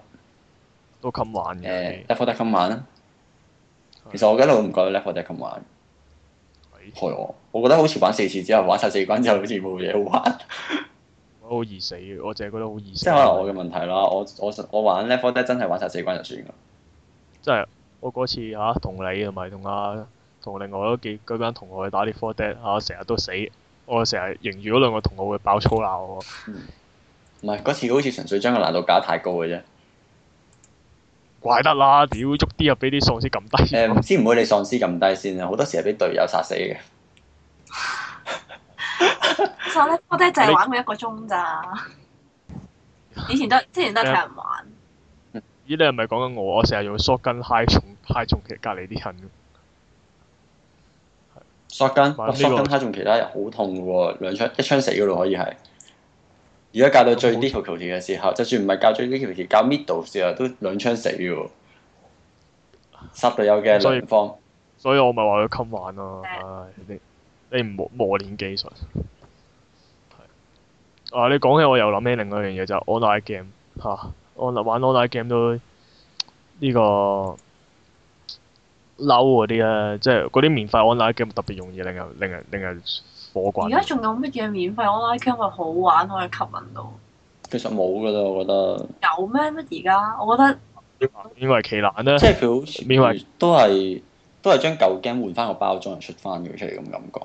都禁玩嘅。誒 Left Four Dead 禁玩啦。其實我一路唔覺得 Left Four Dead 禁玩。害我，我覺得好似玩四次之後，玩晒四關之後，好似冇嘢好玩。 我好易死，我淨係覺得好易死。即可能我嘅問題啦，我我，我，我玩 Left Four Dead 真係玩晒四關就算噶。真係的。我嗰次嚇同、啊、你同埋同阿同另外幾嗰班同學去打啲 four dead 嚇、啊，我成日都死。我成日迎住嗰兩個同學會爆粗鬧我。唔係嗰次好似純粹將個難度搞得太高嘅啫。怪得啦！屌，喐啲又俾啲喪屍撳低先。先唔會你喪屍撳低先啊！好多時係俾隊友殺死嘅。所以咧，four dead 就係玩佢一個鐘咋。以前都之前都係睇人玩。 咦，你係咪講緊我？我成日用 shotgun 嗨重嗨重其隔籬啲人的。shotgun，個 shotgun 派重其他人好痛喎，兩槍一槍死噶咯，可以係。而家教到最 difficult 嘅時候，哦、就算唔係教最 difficult，教 middle 時候都兩槍死噶。十度以有嘅兩方所以，所以我咪話佢襟玩咯、啊，唉、哎，你你唔磨磨練技術。啊，你講起我又諗起另外一樣嘢就是、online game 吓。online 玩 online game 都呢、這個嬲嗰啲咧，即係嗰啲免費 online game 特別容易令人、令人、令人火滾。而家仲有乜嘢免費 online game 係好玩可以吸引到？其實冇㗎啦，我覺得。有咩乜而家？我覺得勉為其難呢，即係佢好勉為，都係都係將舊 game 換翻個包裝就出翻佢出嚟咁感覺。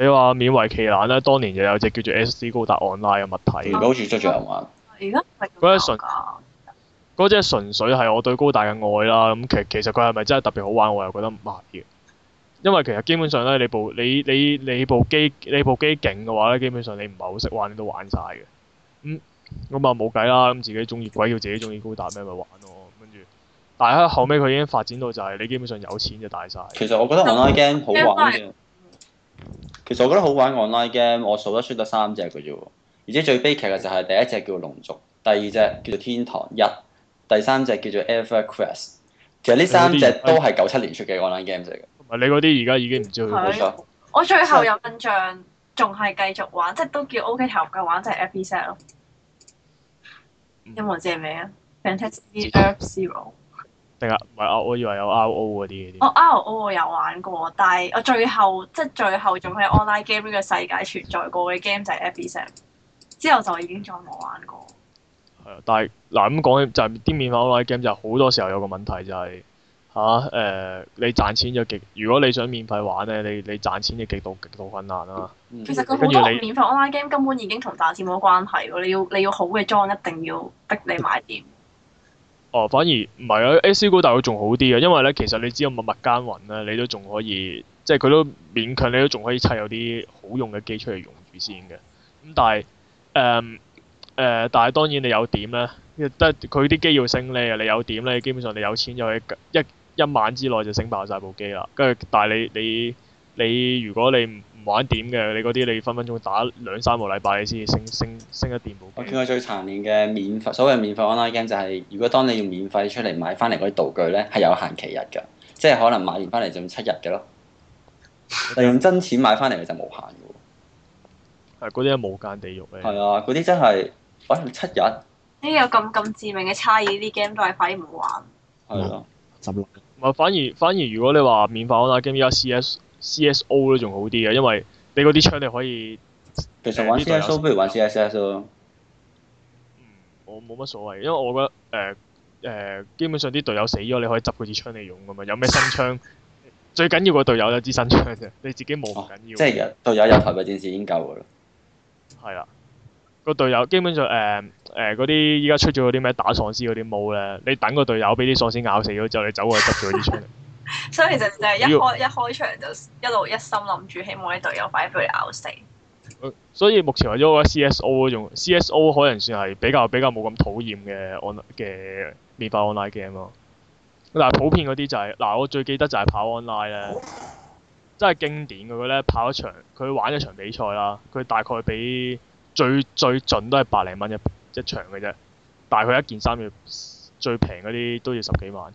你話勉為其難呢？當年就有隻叫做 SD 高達 online 嘅物體，而、嗯、好似出咗玩。而家係。嗰隻係純粹係我對高達嘅愛啦。咁其其實佢係咪真係特別好玩，我又覺得唔係。因為其實基本上咧，你部你你你部機你部機勁嘅話咧，基本上你唔係好識玩，你都玩晒嘅。咁咁啊冇計啦。咁自己中意，鬼叫自己中意高達咩，咪玩咯。跟住，但係咧後尾佢已經發展到就係你基本上有錢就大晒。其實我覺得 online game 好玩嘅。其實我覺得好玩 online game，我數得出得三隻嘅啫喎。而且最悲劇嘅就係第一隻叫龍族，第二隻叫做天堂一。第三隻叫做 EverQuest，其實呢三隻都係九七年出嘅 online game 嚟嘅。你嗰啲而家已經唔知去對錯我最後有印象，仲係繼續玩，即係都叫 OK 投入嘅玩就 F，就係 FBS 咯。有冇借名啊？Fantasy Earth Zero。定啊，唔係我以為有 R O 嗰啲。我、哦、R O 我有玩過，但係我最後即係最後仲喺 online game 呢個世界存在過嘅 game 就係 FBS，之後就已經再冇玩過。但係嗱咁講就係、是，啲免費 online game 就好多時候有個問題就係吓誒，你賺錢就極，如果你想免費玩咧，你你賺錢就極度極度困難啦。嗯、其實好多免費 online game 根本已經同賺錢冇關係咯，你要你要好嘅裝一定要逼你買點。哦，反而唔係啊，AC 古大佬仲好啲嘅，因為咧其實你只有默默耕耘咧，你都仲可以即係佢都勉強你都仲可以砌有啲好用嘅機出嚟用住先嘅。咁但係誒。嗯誒、呃，但係當然你有點咧，得佢啲機要升咧，你有點咧，基本上你有錢就係一一,一晚之內就升爆晒部機啦。跟住，但係你你你，你你如果你唔玩點嘅，你嗰啲你分分鐘打兩三個禮拜先升升升一點部機。我見過最殘忍嘅免費，所謂免費 online game 就係、是，如果當你用免費出嚟買翻嚟嗰啲道具咧，係有限期日㗎，即係可能買完翻嚟就七日嘅咯。你 用真錢買翻嚟咪就無限喎。嗰啲係無間地獄咧。啊，啲真係。反正、啊、七日，呢有咁咁致命嘅差異，啲 game 都係反唔玩。係啊，執笠。唔反而反而，反而如果你話免費、啊、online game，而家 CS CSO 都仲好啲嘅，因為你嗰啲槍你可以。其實玩 CSO 不如玩 CSS 咯、啊。我冇乜所謂，因為我覺得誒誒、呃呃，基本上啲隊友死咗，你可以執嗰支槍嚟用噶嘛。有咩新槍？ 最緊要個隊友有支新槍啫，你自己冇唔緊要。哦啊、即係隊友有台嘅電視已經夠噶啦。係啊。 個隊友基本上誒誒嗰啲依家出咗嗰啲咩打喪屍嗰啲帽咧，你等個隊友俾啲喪屍咬死咗之後，你走過去執咗啲槍。 所以其實就係一開、這個、一開場就一路一心諗住希望啲隊友快俾佢咬死、呃。所以目前為咗 C S O 仲 C S O 可能算係比較比較冇咁討厭嘅 o 嘅免費 online game 咯。嗱普遍嗰啲就係、是、嗱、呃、我最記得就係跑 online 咧，真係經典嗰個咧跑一場佢玩一場比賽啦，佢大概俾。最最準都係百零蚊一一場嘅啫，但係佢一件衫要最平嗰啲都要十幾萬。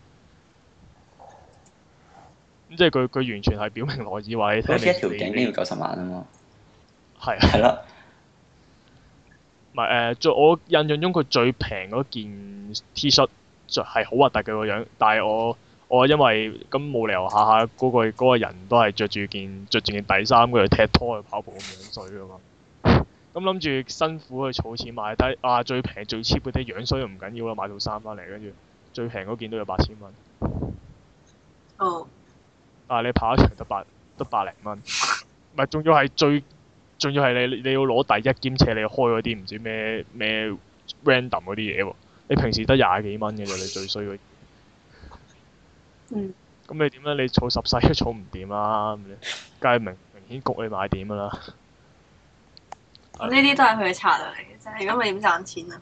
即係佢佢完全係表明羅意偉睇。咁一條頸都要九十萬啊嘛。係係咯。唔係誒，最、呃、我印象中佢最平嗰件 T 恤著係好核突嘅個樣，但係我我因為咁，冇理由下下嗰個嗰個人都係着住件着住件底衫去踢拖去跑步咁樣衰㗎嘛。咁諗住辛苦去儲錢買，但係啊，最平最 cheap 嗰啲樣衰都唔緊要啦，買套衫翻嚟，跟住最平嗰件都有八千蚊。哦。啊！你跑一場得百得百零蚊，唔係仲要係最仲要係你你要攞第一兼且你開嗰啲唔知咩咩 random 嗰啲嘢喎，你平時得廿幾蚊嘅就你最衰嗰、嗯嗯。嗯。咁、嗯嗯、你點咧？你儲十世都儲唔掂啦。你梗係明明顯谷你買點噶啦。呢啲都係佢嘅策略嚟嘅啫，如果佢係點賺錢啊？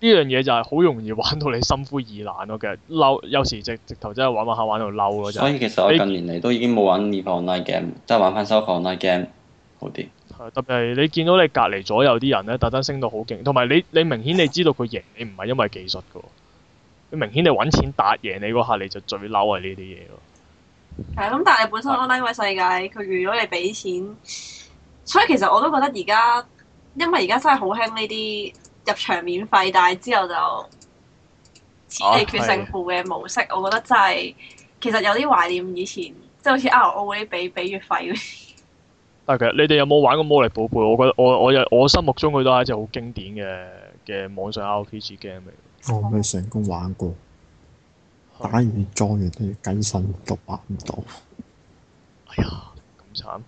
呢樣嘢就係好容易玩到你心灰意冷咯。其實嬲，有時直直頭真係玩玩下玩到嬲咯。所以其實我近年嚟都已經冇玩 online game，即係玩翻手遊 online game 好啲。特別係你見到你隔籬左右啲人咧，突然升到好勁，同埋你你明顯你知道佢贏，你唔係因為技術噶，明顯你明顯你搵錢打贏你嗰下，你就最嬲係呢啲嘢咯。係啊，咁但係你本身 online 世界，佢的如果你俾錢。所以其實我都覺得而家，因為而家真係好興呢啲入場免費，但係之後就此地決勝負嘅模式，我覺得真係其實有啲懷念以前，即係好似 R O 嗰啲俾俾月費嗰啲。你哋有冇玩過魔力寶貝？我覺得我我又我心目中佢都係一隻好經典嘅嘅網上 R P G game 嚟。我未成功玩過，的打完裝完都要更新都玩唔到。哎呀，咁慘！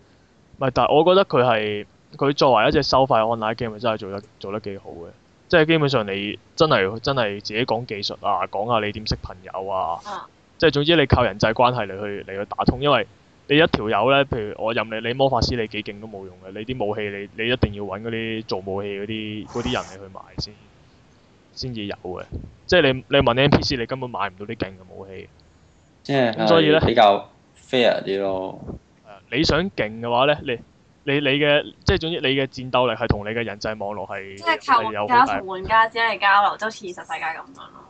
唔係，但係我覺得佢係佢作為一隻收費 online game，真係做得做得幾好嘅。即係基本上你真係真係自己講技術啊，講下你點識朋友啊，啊即係總之你靠人際關係嚟去嚟去打通。因為你一條友咧，譬如我任你，你魔法師你幾勁都冇用嘅。你啲武器你你一定要揾嗰啲做武器嗰啲啲人嚟去買先，先至有嘅。即係你你問 NPC，你，你根本買唔到啲勁嘅武器。即、嗯、是所以咧比較 fair 啲咯。你想勁嘅話咧，你你你嘅即係總之你嘅戰鬥力係同你嘅人際網絡係有關係。即係靠玩家同玩家之間嘅交流，就好似現實世界咁樣咯。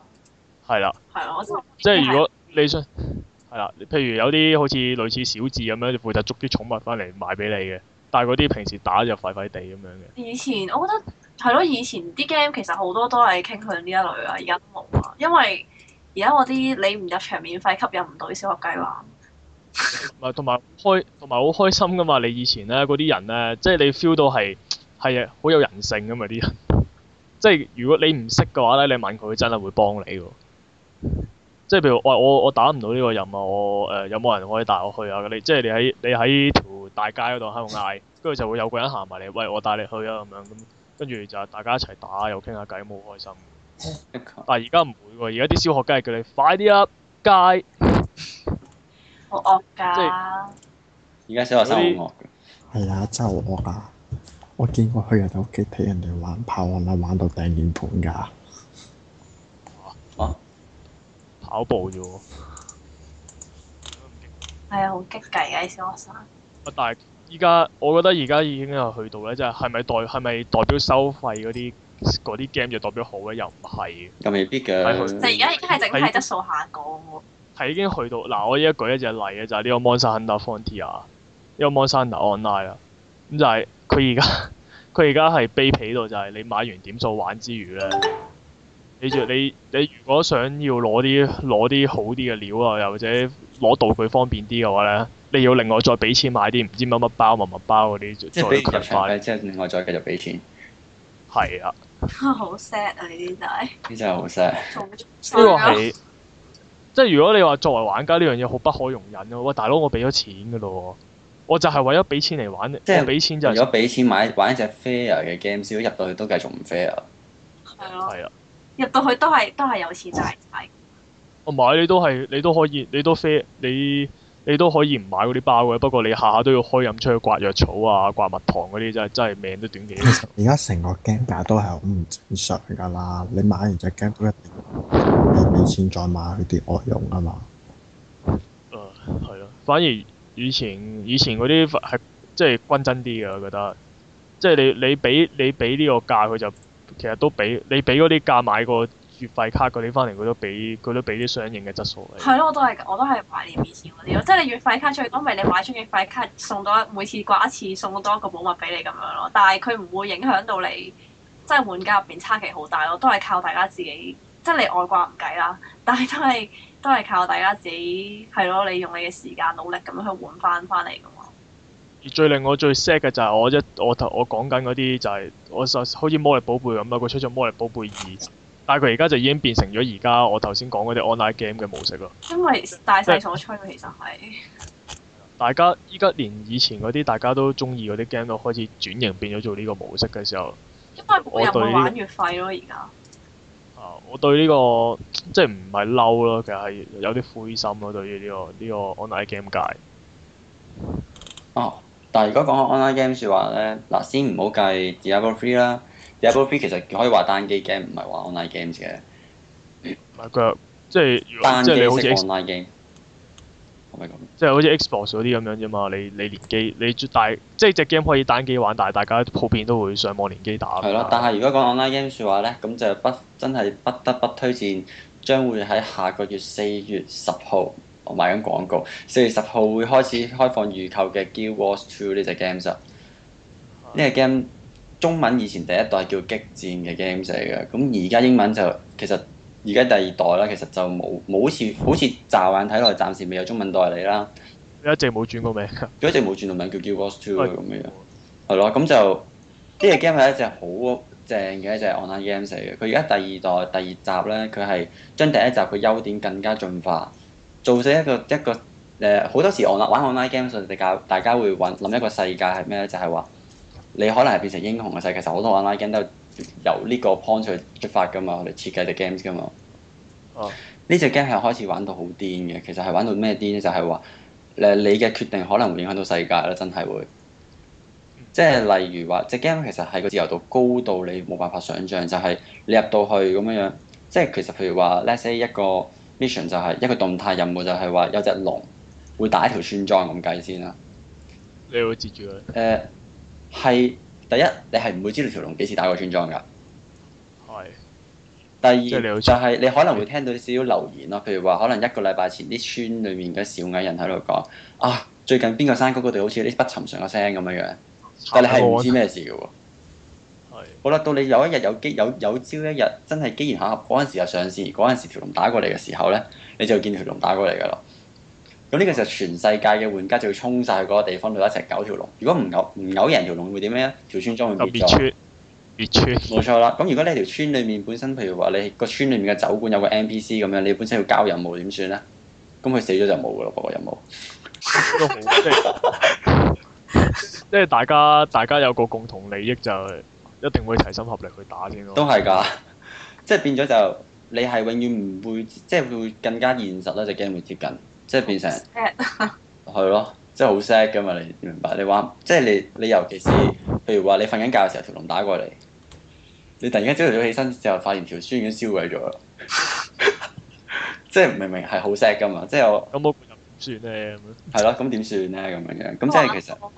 係啦。係啦，即係如果你想係啦，譬如有啲好似類似小智咁樣，就負責捉啲寵物翻嚟賣俾你嘅，但係嗰啲平時打就快快地咁樣嘅。以前我覺得係咯，以前啲 game 其實好多都係傾向呢一類啦，而家都冇啊，因為而家我啲你唔入場免費，吸引唔到啲小學雞話。咪同埋開，同埋好開心㗎嘛！你以前咧嗰啲人咧，即係你 feel 到係係好有人性㗎嘛啲人。 即係如果你唔識嘅話咧，你問佢真係會幫你喎。即係譬如喂，我我我打唔到呢個任啊，我誒、呃、有冇人可以帶我去啊？你即係你喺你喺條大街嗰度喺度嗌，跟住就會有個人行埋嚟，喂，我帶你去啊咁樣咁，跟住就大家一齊打又傾下偈，好開心。但係而家唔會喎，而家啲小學梗係叫你快啲啦、啊，街。好惡㗎！而家、啊、小學生好惡㗎，係啊、哎，真係好惡㗎！我見過去人哋屋企睇人哋玩跑 online 玩到掟鍵盤㗎。啊、跑步啫喎。係啊、哎，好激㗎！啲小學生。但係依家我覺得而家已經有去到咧，即係係咪代係咪代表收費嗰啲嗰啲 game 就代表好嘅，又唔係。又未必㗎。就而家已經係整體質素下降喎。係已經去到嗱、啊，我依家舉一隻例嘅就係、是、呢個 Monster Hunter Frontier，呢個 Monster Online 啦。咁就係佢而家佢而家係卑鄙到就係、是、你買完點數玩之餘咧，你仲你你如果想要攞啲攞啲好啲嘅料啊，又或者攞道具方便啲嘅話咧，你要另外再俾錢買啲唔知乜乜包，包，包、乜乜包嗰啲再強化。即係另外再繼續俾錢。係啊。 好 sad 啊！呢啲真係呢啲真係好 sad。都話係。 即係如果你話作為玩家呢樣嘢好不可容忍咯、啊，喂大佬我俾咗錢嘅咯，我就係為咗俾錢嚟玩，即係是俾錢就係、是、如果俾錢買玩一隻 fair 嘅 game，先入到去都繼續唔 fair。係啊，入到去都係都係有錢買。我買哇你都係你都可以，你都 fair 你。你都可以唔買嗰啲包嘅，不過你下下都要開飲出去刮藥草啊、刮蜜糖嗰啲，真係真係命都短幾。其實而家成個 game 價都係好唔正常噶啦，你買完隻 game 一定要俾錢再買佢啲外用啊嘛。誒係咯，反而以前以前嗰啲係即係均真啲嘅，我覺得。即係你你俾你俾呢個價佢就其實都俾你俾嗰啲價買過。月費卡嗰啲翻嚟，佢都俾佢都俾啲相應嘅質素。係咯，我都係，我都係懷念以前嗰啲咯。即係月費卡最多咪你買咗月費卡，送多每次掛一次送多一個寶物俾你咁樣咯。但係佢唔會影響到你，即係玩家入邊差期好大咯。都係靠大家自己，即係你外掛唔計啦。但係都係都係靠大家自己係咯。你用你嘅時間努力咁樣去換翻翻嚟嘅嘛。而最令我最 sad 嘅就係、是、我一我頭我講緊嗰啲就係我實好似魔力寶貝咁啊！佢出咗魔力寶貝二。但係佢而家就已經變成咗而家我頭先講嗰啲 online game 嘅模式咯。因為大勢所趨，其實係大家依家連以前嗰啲大家都中意嗰啲 game 都開始轉型，變咗做呢個模式嘅時候，因為越玩越廢咯，而家。啊，我對呢、這個即係唔係嬲咯，其實係有啲灰心咯，對於呢、這個呢、這個 online game 界。哦、啊，但係如果講 online game 説話咧，嗱，先唔好計 Diablo Three 啦。《The Broken》其實可以話單機 game，唔係話 online games 嘅，即 係單機式 online game，可唔可以講？即係好似 Xbox 嗰啲咁樣啫嘛，你你連機，你絕大即係隻 game 可以單機玩，但係大家普遍都會上網連機打。係咯，但係如果講 online games 嘅話咧，咁就不真係不得不推薦，將會喺下個月四月十號，我賣緊廣告，四月十號會開始開放預購嘅《Guild Wars 2》呢隻 game 啊，呢隻 game。中文以前第一代叫激戰嘅 game 嚟嘅，咁而家英文就其實而家第二代啦，其實就冇冇好似好似乍眼睇落，暫時未有中文代理啦。一直冇轉過名，佢一直冇轉過名，叫 Guild Wars 2咁樣。係咯，咁就呢隻 game 係一隻好正嘅一隻 online game 嚟嘅。佢而家第二代第二集咧，佢係將第一集嘅優點更加進化，做成一個一個誒好、呃、多時我玩 online game，其大家會揾諗一個世界係咩咧？就係、是、話。你可能係變成英雄嘅世界，其實好多 online game 都由呢個 point 出發噶嘛，我哋設計隻 game 噶嘛。呢隻 game 係開始玩到好癲嘅，其實係玩到咩癲咧？就係話誒，你嘅決定可能會影響到世界啦，真係會。嗯、即係例如話，隻 game 其實喺個自由度高到你冇辦法想象，就係、是、你入到去咁樣，即係其實譬如話，let’s say 一個 mission 就係一個動態任務，就係話有隻龍會打一條村莊，咁計先啦。你會接住佢。誒。Uh, 係第一，你係唔會知道條龍幾時打過村莊㗎。係的。第二就係你可能會聽到啲少少留言咯，譬的如話，可能一個禮拜前啲村裡面嘅小矮人喺度講啊，最近邊個山谷度好似有啲不尋常嘅聲咁樣樣，但你係唔知咩事嘅喎。的好啦，到你有一日有機有有朝一日真係機緣巧合嗰陣時就上市，嗰陣時條龍打過嚟嘅時候咧，你就見條龍打過嚟嘅咯。咁呢個就全世界嘅玩家就要衝晒去嗰個地方度一齊搞條龍。如果唔拗唔拗贏條龍會點咧？條村莊會滅咗。滅村。滅村。冇錯啦。咁如果你條村裡面本身，譬如話你個村裡面嘅酒館有個 NPC 咁樣，你本身要交任務點算呢？咁佢死咗就冇噶咯，個任務。都好，即係大家大家有個共同利益就一定會齊心合力去打先咯。都係㗎。即係變咗就你係永遠唔會即係會更加現實啦，就驚會接近。即係變成 sad，係咯慘，即係好 sad 噶嘛！你明白？你話即係你，你尤其是譬如話你瞓緊覺嘅時候條龍打過嚟，你突然間朝頭早起身之後發現條村已經燒鬼咗啦，即係明明係好 sad 噶嘛！即係我咁冇算咧咁係咯，咁點算咧咁樣嘅？咁即係其實我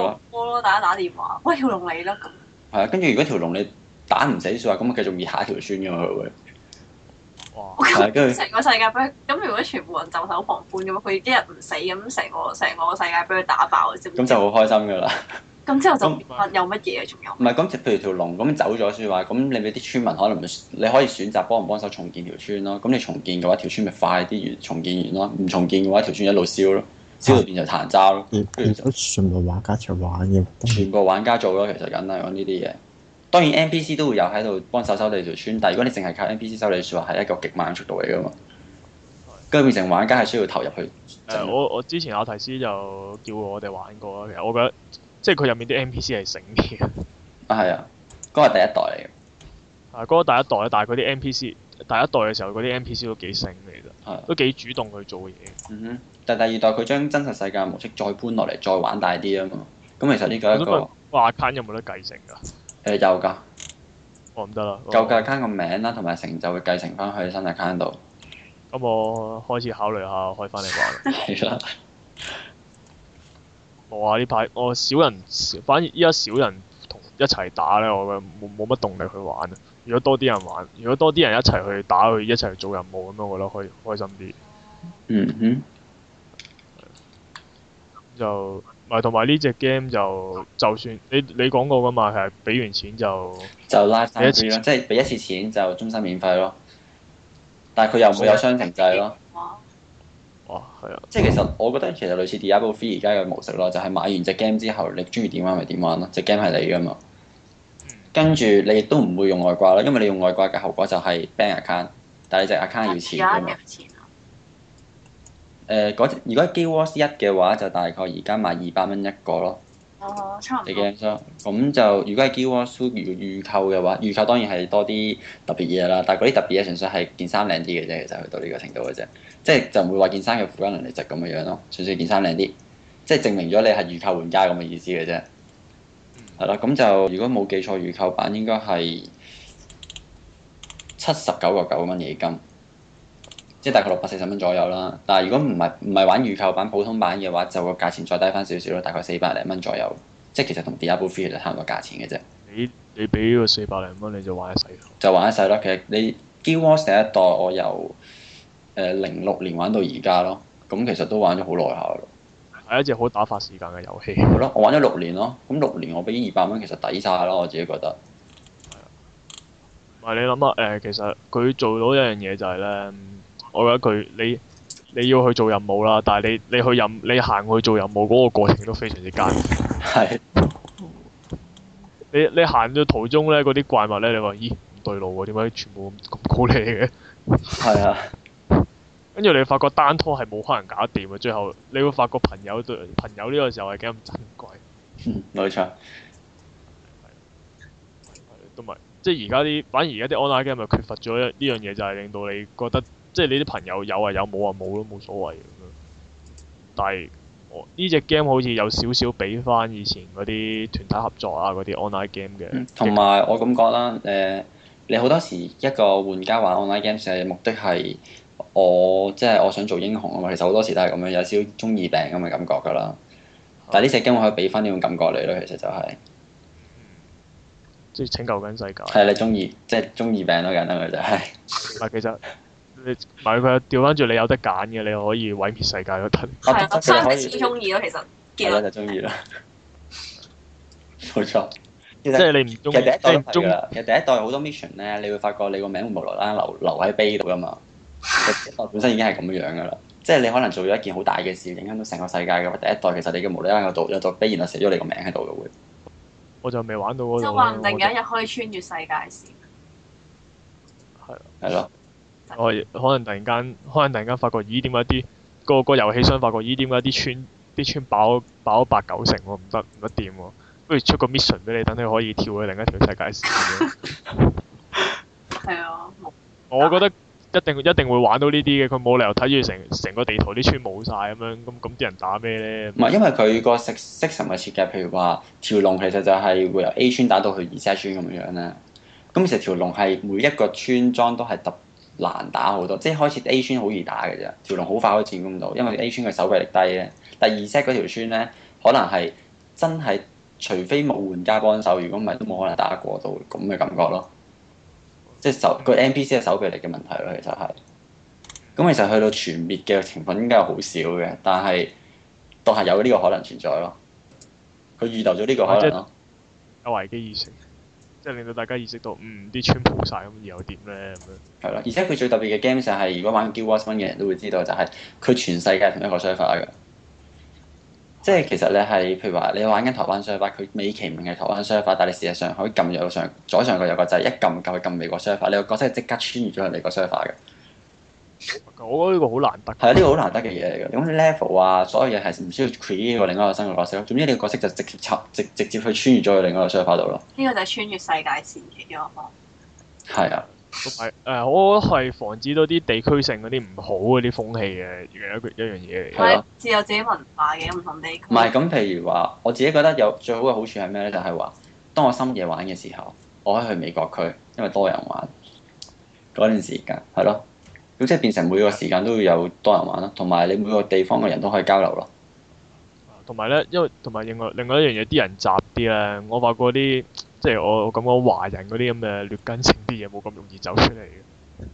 咯 call 咯，大家打電話，喂，條龍嚟啦咁。係啊，跟住如果條龍你打唔死，所以咁咪繼續熱下一條村嘅嘛，佢會。成哇 個世界杯，咁如果全部人就手旁觀咁，佢一日唔死咁，成個成個世界杯都打爆咁就好開心㗎啦！咁之後就有乜嘢仲有？唔係咁，譬如條龍咁走咗算話，咁你哋啲村民可能你可以選擇幫唔幫手重建條村咯。咁你重建嘅話，條村咪快啲完重建完咯。唔重建嘅話，條村一路燒咯，燒到了變就彈渣咯。跟住也就全部玩家一齊玩嘅。嗯、全部玩家做咯，其實梗係講呢啲嘢。當然 NPC 都會有喺度幫手修你條村，但係如果你淨係靠 NPC 修你條村，係一個極慢速度嚟噶嘛。跟住變成玩家係需要投入去。誒、呃，我我之前阿提斯就叫我哋玩過啦，其實我覺得即係佢入面啲 NPC 係醒嘅。啊，係啊，嗰、嗰個第一代嚟嘅。係嗰、啊嗰個第一代，但係佢啲 NPC 第一代嘅時候，嗰啲 NPC 都幾醒嘅，其實的都幾主動去做嘢、嗯。但係第二代佢將真實世界模式再搬落嚟，再玩大啲啊嘛。咁、嗯、其實呢個一個。話、嗰個、account 有冇得繼承㗎？誒、嗯，有噶，我唔得啦。舊架、哦、卡個名啦，同埋成就會繼承翻去新架卡度。咁我開始考慮下開翻嚟玩。係啦 的。我話呢排我少人，反而依家少人同一齊打咧，我冇冇乜動力去玩。如果多啲人玩，如果多啲人一齊去打，去一齊做任務咁樣，我覺得可以開心啲。嗯哼。就，唔係同埋呢隻 game 就，就算你你講過噶嘛，係俾完錢就，就拉三次啦，即係俾一次錢就終身免費咯。但係佢又唔會有雙程制咯。哇，係啊！即係其實我覺得其實類似 Diablo III 而家嘅模式咯，就係、是、買完隻 game 之後，你中意點玩咪點玩咯，隻 game 係你噶嘛。跟住你亦都唔會用外掛啦，因為你用外掛嘅後果就係 ban account，但係你隻 account 要錢噶嘛。誒、呃、如果係 Gear Watch 一嘅話，就大概而家賣二百蚊一個咯。哦，差唔多。你記唔記得？咁就如果係 Gear Watch，如果預購嘅話，預購當然係多啲特別嘢啦。但係嗰啲特別嘢純粹係件衫靚啲嘅啫，其實去到呢個程度嘅啫。即係就唔會話件衫嘅附加能力就咁嘅樣咯，純粹件衫靚啲，即係證明咗你係預購玩家咁嘅意思嘅啫。係啦、嗯，咁就如果冇記錯，預購版應該係七十九個九蚊嘢金。即係大概六百四十蚊左右啦，但係如果唔係唔係玩預購版、普通版嘅話，就個價錢再低翻少少咯，大概四百零蚊左右。即係其實同 Diablo III 其實差唔多價錢嘅啫。你你俾個四百零蚊，你就玩一世咯。就玩一世、呃、咯。其實你《饑荒》第一代我由誒零六年玩到而家咯，咁其實都玩咗好耐下咯。係一隻好打發時間嘅遊戲。好咯，我玩咗六年咯。咁六年我俾二百蚊，其實抵晒啦，我自己覺得。係啊，你諗下，誒、呃，其實佢做到一樣嘢就係、是、咧。我覺得佢你你要去做任務啦，但係你你去任你行去做任務嗰個過程都非常之艱難。你你行咗途中咧，嗰啲怪物咧，你話：咦，唔對路喎，點解全部咁高靚嘅？係是啊。跟住你發覺單拖係冇可能搞得掂嘅，最後你會發覺朋友對朋友呢個時候係幾咁珍貴、嗯。冇錯。都咪、 嗯，即係而家啲反而而家啲 online game 咪缺乏咗呢樣嘢，就係、是、令到你覺得。即係你啲朋友有啊，有，有，冇啊冇都冇所謂，但係我呢隻 game 好似有少少俾翻以前嗰啲團體合作啊，嗰啲 online game 嘅。同埋、嗯、我感覺啦，誒、呃，你好多時一個玩家玩 online game 時，目的係我即係我想做英雄啊嘛。其實好多時都係咁樣，有少少中二病咁嘅感覺噶啦。但係呢隻 game 我可以俾翻呢種感覺你咯，其實就係、是嗯、即拯救緊世界。係你中意，即係中二病咯、就是，簡單就係。啊，其實。你唔係佢調翻住，你有得揀嘅，你可以毀滅世界嗰屯，係咯，所以唔似中意咯，其實見到實就中意啦，冇錯。 即係你唔其實第一代就係其實第一代好多 mission 咧，你會發覺你個名會無厘啦，留留喺碑度噶嘛。 本身已經係咁樣噶啦，即係你可能做咗一件好大嘅事，影響到成個世界嘅話，第一代其實你嘅無厘頭又到又到碑，然後寫咗你個名喺度嘅會。我就未玩到嗰種。即係話唔定有一日可以穿越世界線。係。係咯。我可能突然間，可能突然間發覺，咦？點解啲個個遊戲商發覺，咦？點解啲村啲村飽飽八九成喎？唔得唔得掂喎，不如出個 mission 俾你，等你可以跳去另一條世界線。係啊，我覺得一定一定會玩到呢啲嘅，佢冇理由睇住成成個地圖啲村冇晒咁樣，咁咁啲人打咩咧？唔係因為佢個食色神嘅設計，譬如話條龍其實就係會由 A 村打到去二 E 村咁樣樣啦。咁其實條龍係每一個村莊都係特。難打好多，即係開始 A 村好易打嘅啫，條龍好快可以戰攻到，因為 A 村嘅守備力低咧。第二 set 嗰條村咧，可能係真係，除非冇換家幫手，如果唔係都冇可能打得過到咁嘅感覺咯。即係手個 NPC 嘅守備力嘅問題咯，其實係。咁其實去到全滅嘅情況應該係好少嘅，但係都係有呢個可能存在咯。佢預留咗呢個可能咯，有危機意識。就令到大家意識到，嗯，啲村破晒，咁，又點咧？咁樣係咯，而且佢最特別嘅 game 就係，如果玩《Guild Wars One》嘅人都會知道、就係，就係佢全世界同一個 server 嘅。即係其實你係，譬如話你玩緊台灣 server，佢美其名係台灣 server，但係你事實上可以撳右上左上角有個掣，一撳就係撳美國 server，你個角色即刻穿越咗去美國 server 嘅。我覺得呢個好難得， 係啊，呢個好難得嘅嘢嚟嘅。咁 level 啊，所有嘢係唔需要 create 個另一個新嘅角色咯。總之你個角色就直接插，直接直接去穿越咗去另一個 server 度咯。呢個就係穿越世界前期嘅一個，係啊，同埋的 我覺得係防止多啲地區性嗰啲唔好嗰啲風氣嘅嘅一一樣嘢嚟。嘅的，自的有自己文化嘅唔同地區。唔係咁，譬如話，我自己覺得有最好嘅好處係咩咧？就係、是、話，當我深夜玩嘅時候，我可以去美國區，因為多人玩嗰段時間係咯。咁即係變成每個時間都會有多人玩啦，同埋你每個地方嘅人都可以交流咯。同埋咧，因為同埋另外另外一樣嘢，啲人雜啲咧。我發覺啲即係我我感覺華人嗰啲咁嘅劣根性啲嘢冇咁容易走出嚟嘅，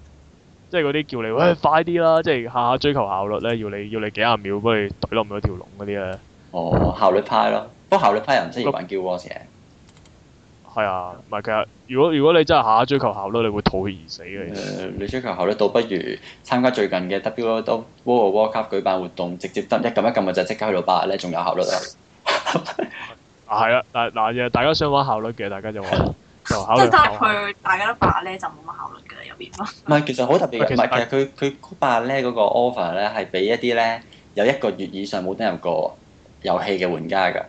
即係嗰啲叫你喂、哎、快啲啦，即係下下追求效率咧，要你要你幾廿秒幫你懟落咁多條龍嗰啲咧。哦，效率派咯，不過效率派又唔識叫喎嘢。係啊，唔係其實如果如果你真係下下追求效率，你會吐血而死嘅，嗯。你追求效率倒不如參加最近嘅 Wargame World Cup 舉辦活動，直接一撳一撳嘅就即刻去到八咧，仲有效率 啊！啊係啦，嗱，啊啊，大家想玩效率嘅，大家就玩就效率。即係 但係佢大家都八咧就冇乜效率嘅入面咯。唔係，啊，其實好特別嘅。啊，其實佢佢八咧嗰個 offer 咧係俾一啲咧有一個月以上冇登入過遊戲嘅玩家噶。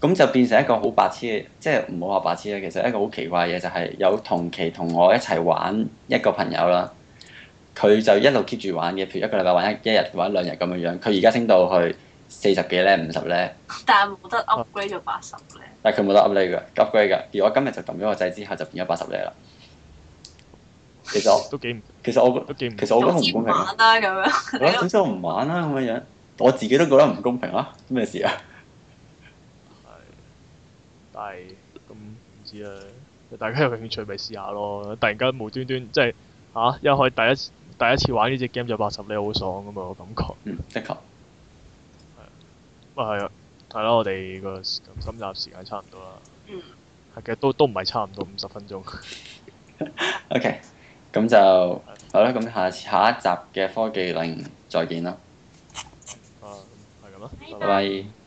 咁就變成一個好白痴嘅，即係唔好話白痴咧。其實一個好奇怪嘅嘢，就係有同期同我一齊玩一個朋友啦，佢就一路 keep 住玩嘅。譬如一個禮拜玩一一日玩，玩兩日咁樣樣。佢而家升到去四十幾咧，五十咧。但係冇得 upgrade 咗八十咧。但係佢冇得 upgrade 㗎，upgrade 㗎。啊、而我今日就撳咗個掣之後，就變咗八十咧啦。其實我都幾行唔，其實我覺行其實我覺得唔公平啦。咁、啊啊、樣，我點知我唔玩啦？咁嘅樣，我自己都覺得唔公平啊！咩事啊？但係咁唔知啦，大家有興趣咪試下咯。突然間無端端即係嚇、啊、一開第一次第一次玩呢隻 game 就八十你好爽咁嘛！我感覺、嗯、的確。係。啊，係咯，我哋個今集時間差唔多啦。嗯，係嘅，都都唔係差唔多五十分鐘。O K，咁就好啦。咁下下一集嘅科技靈，再見啦。啊，係咁啊，拜拜。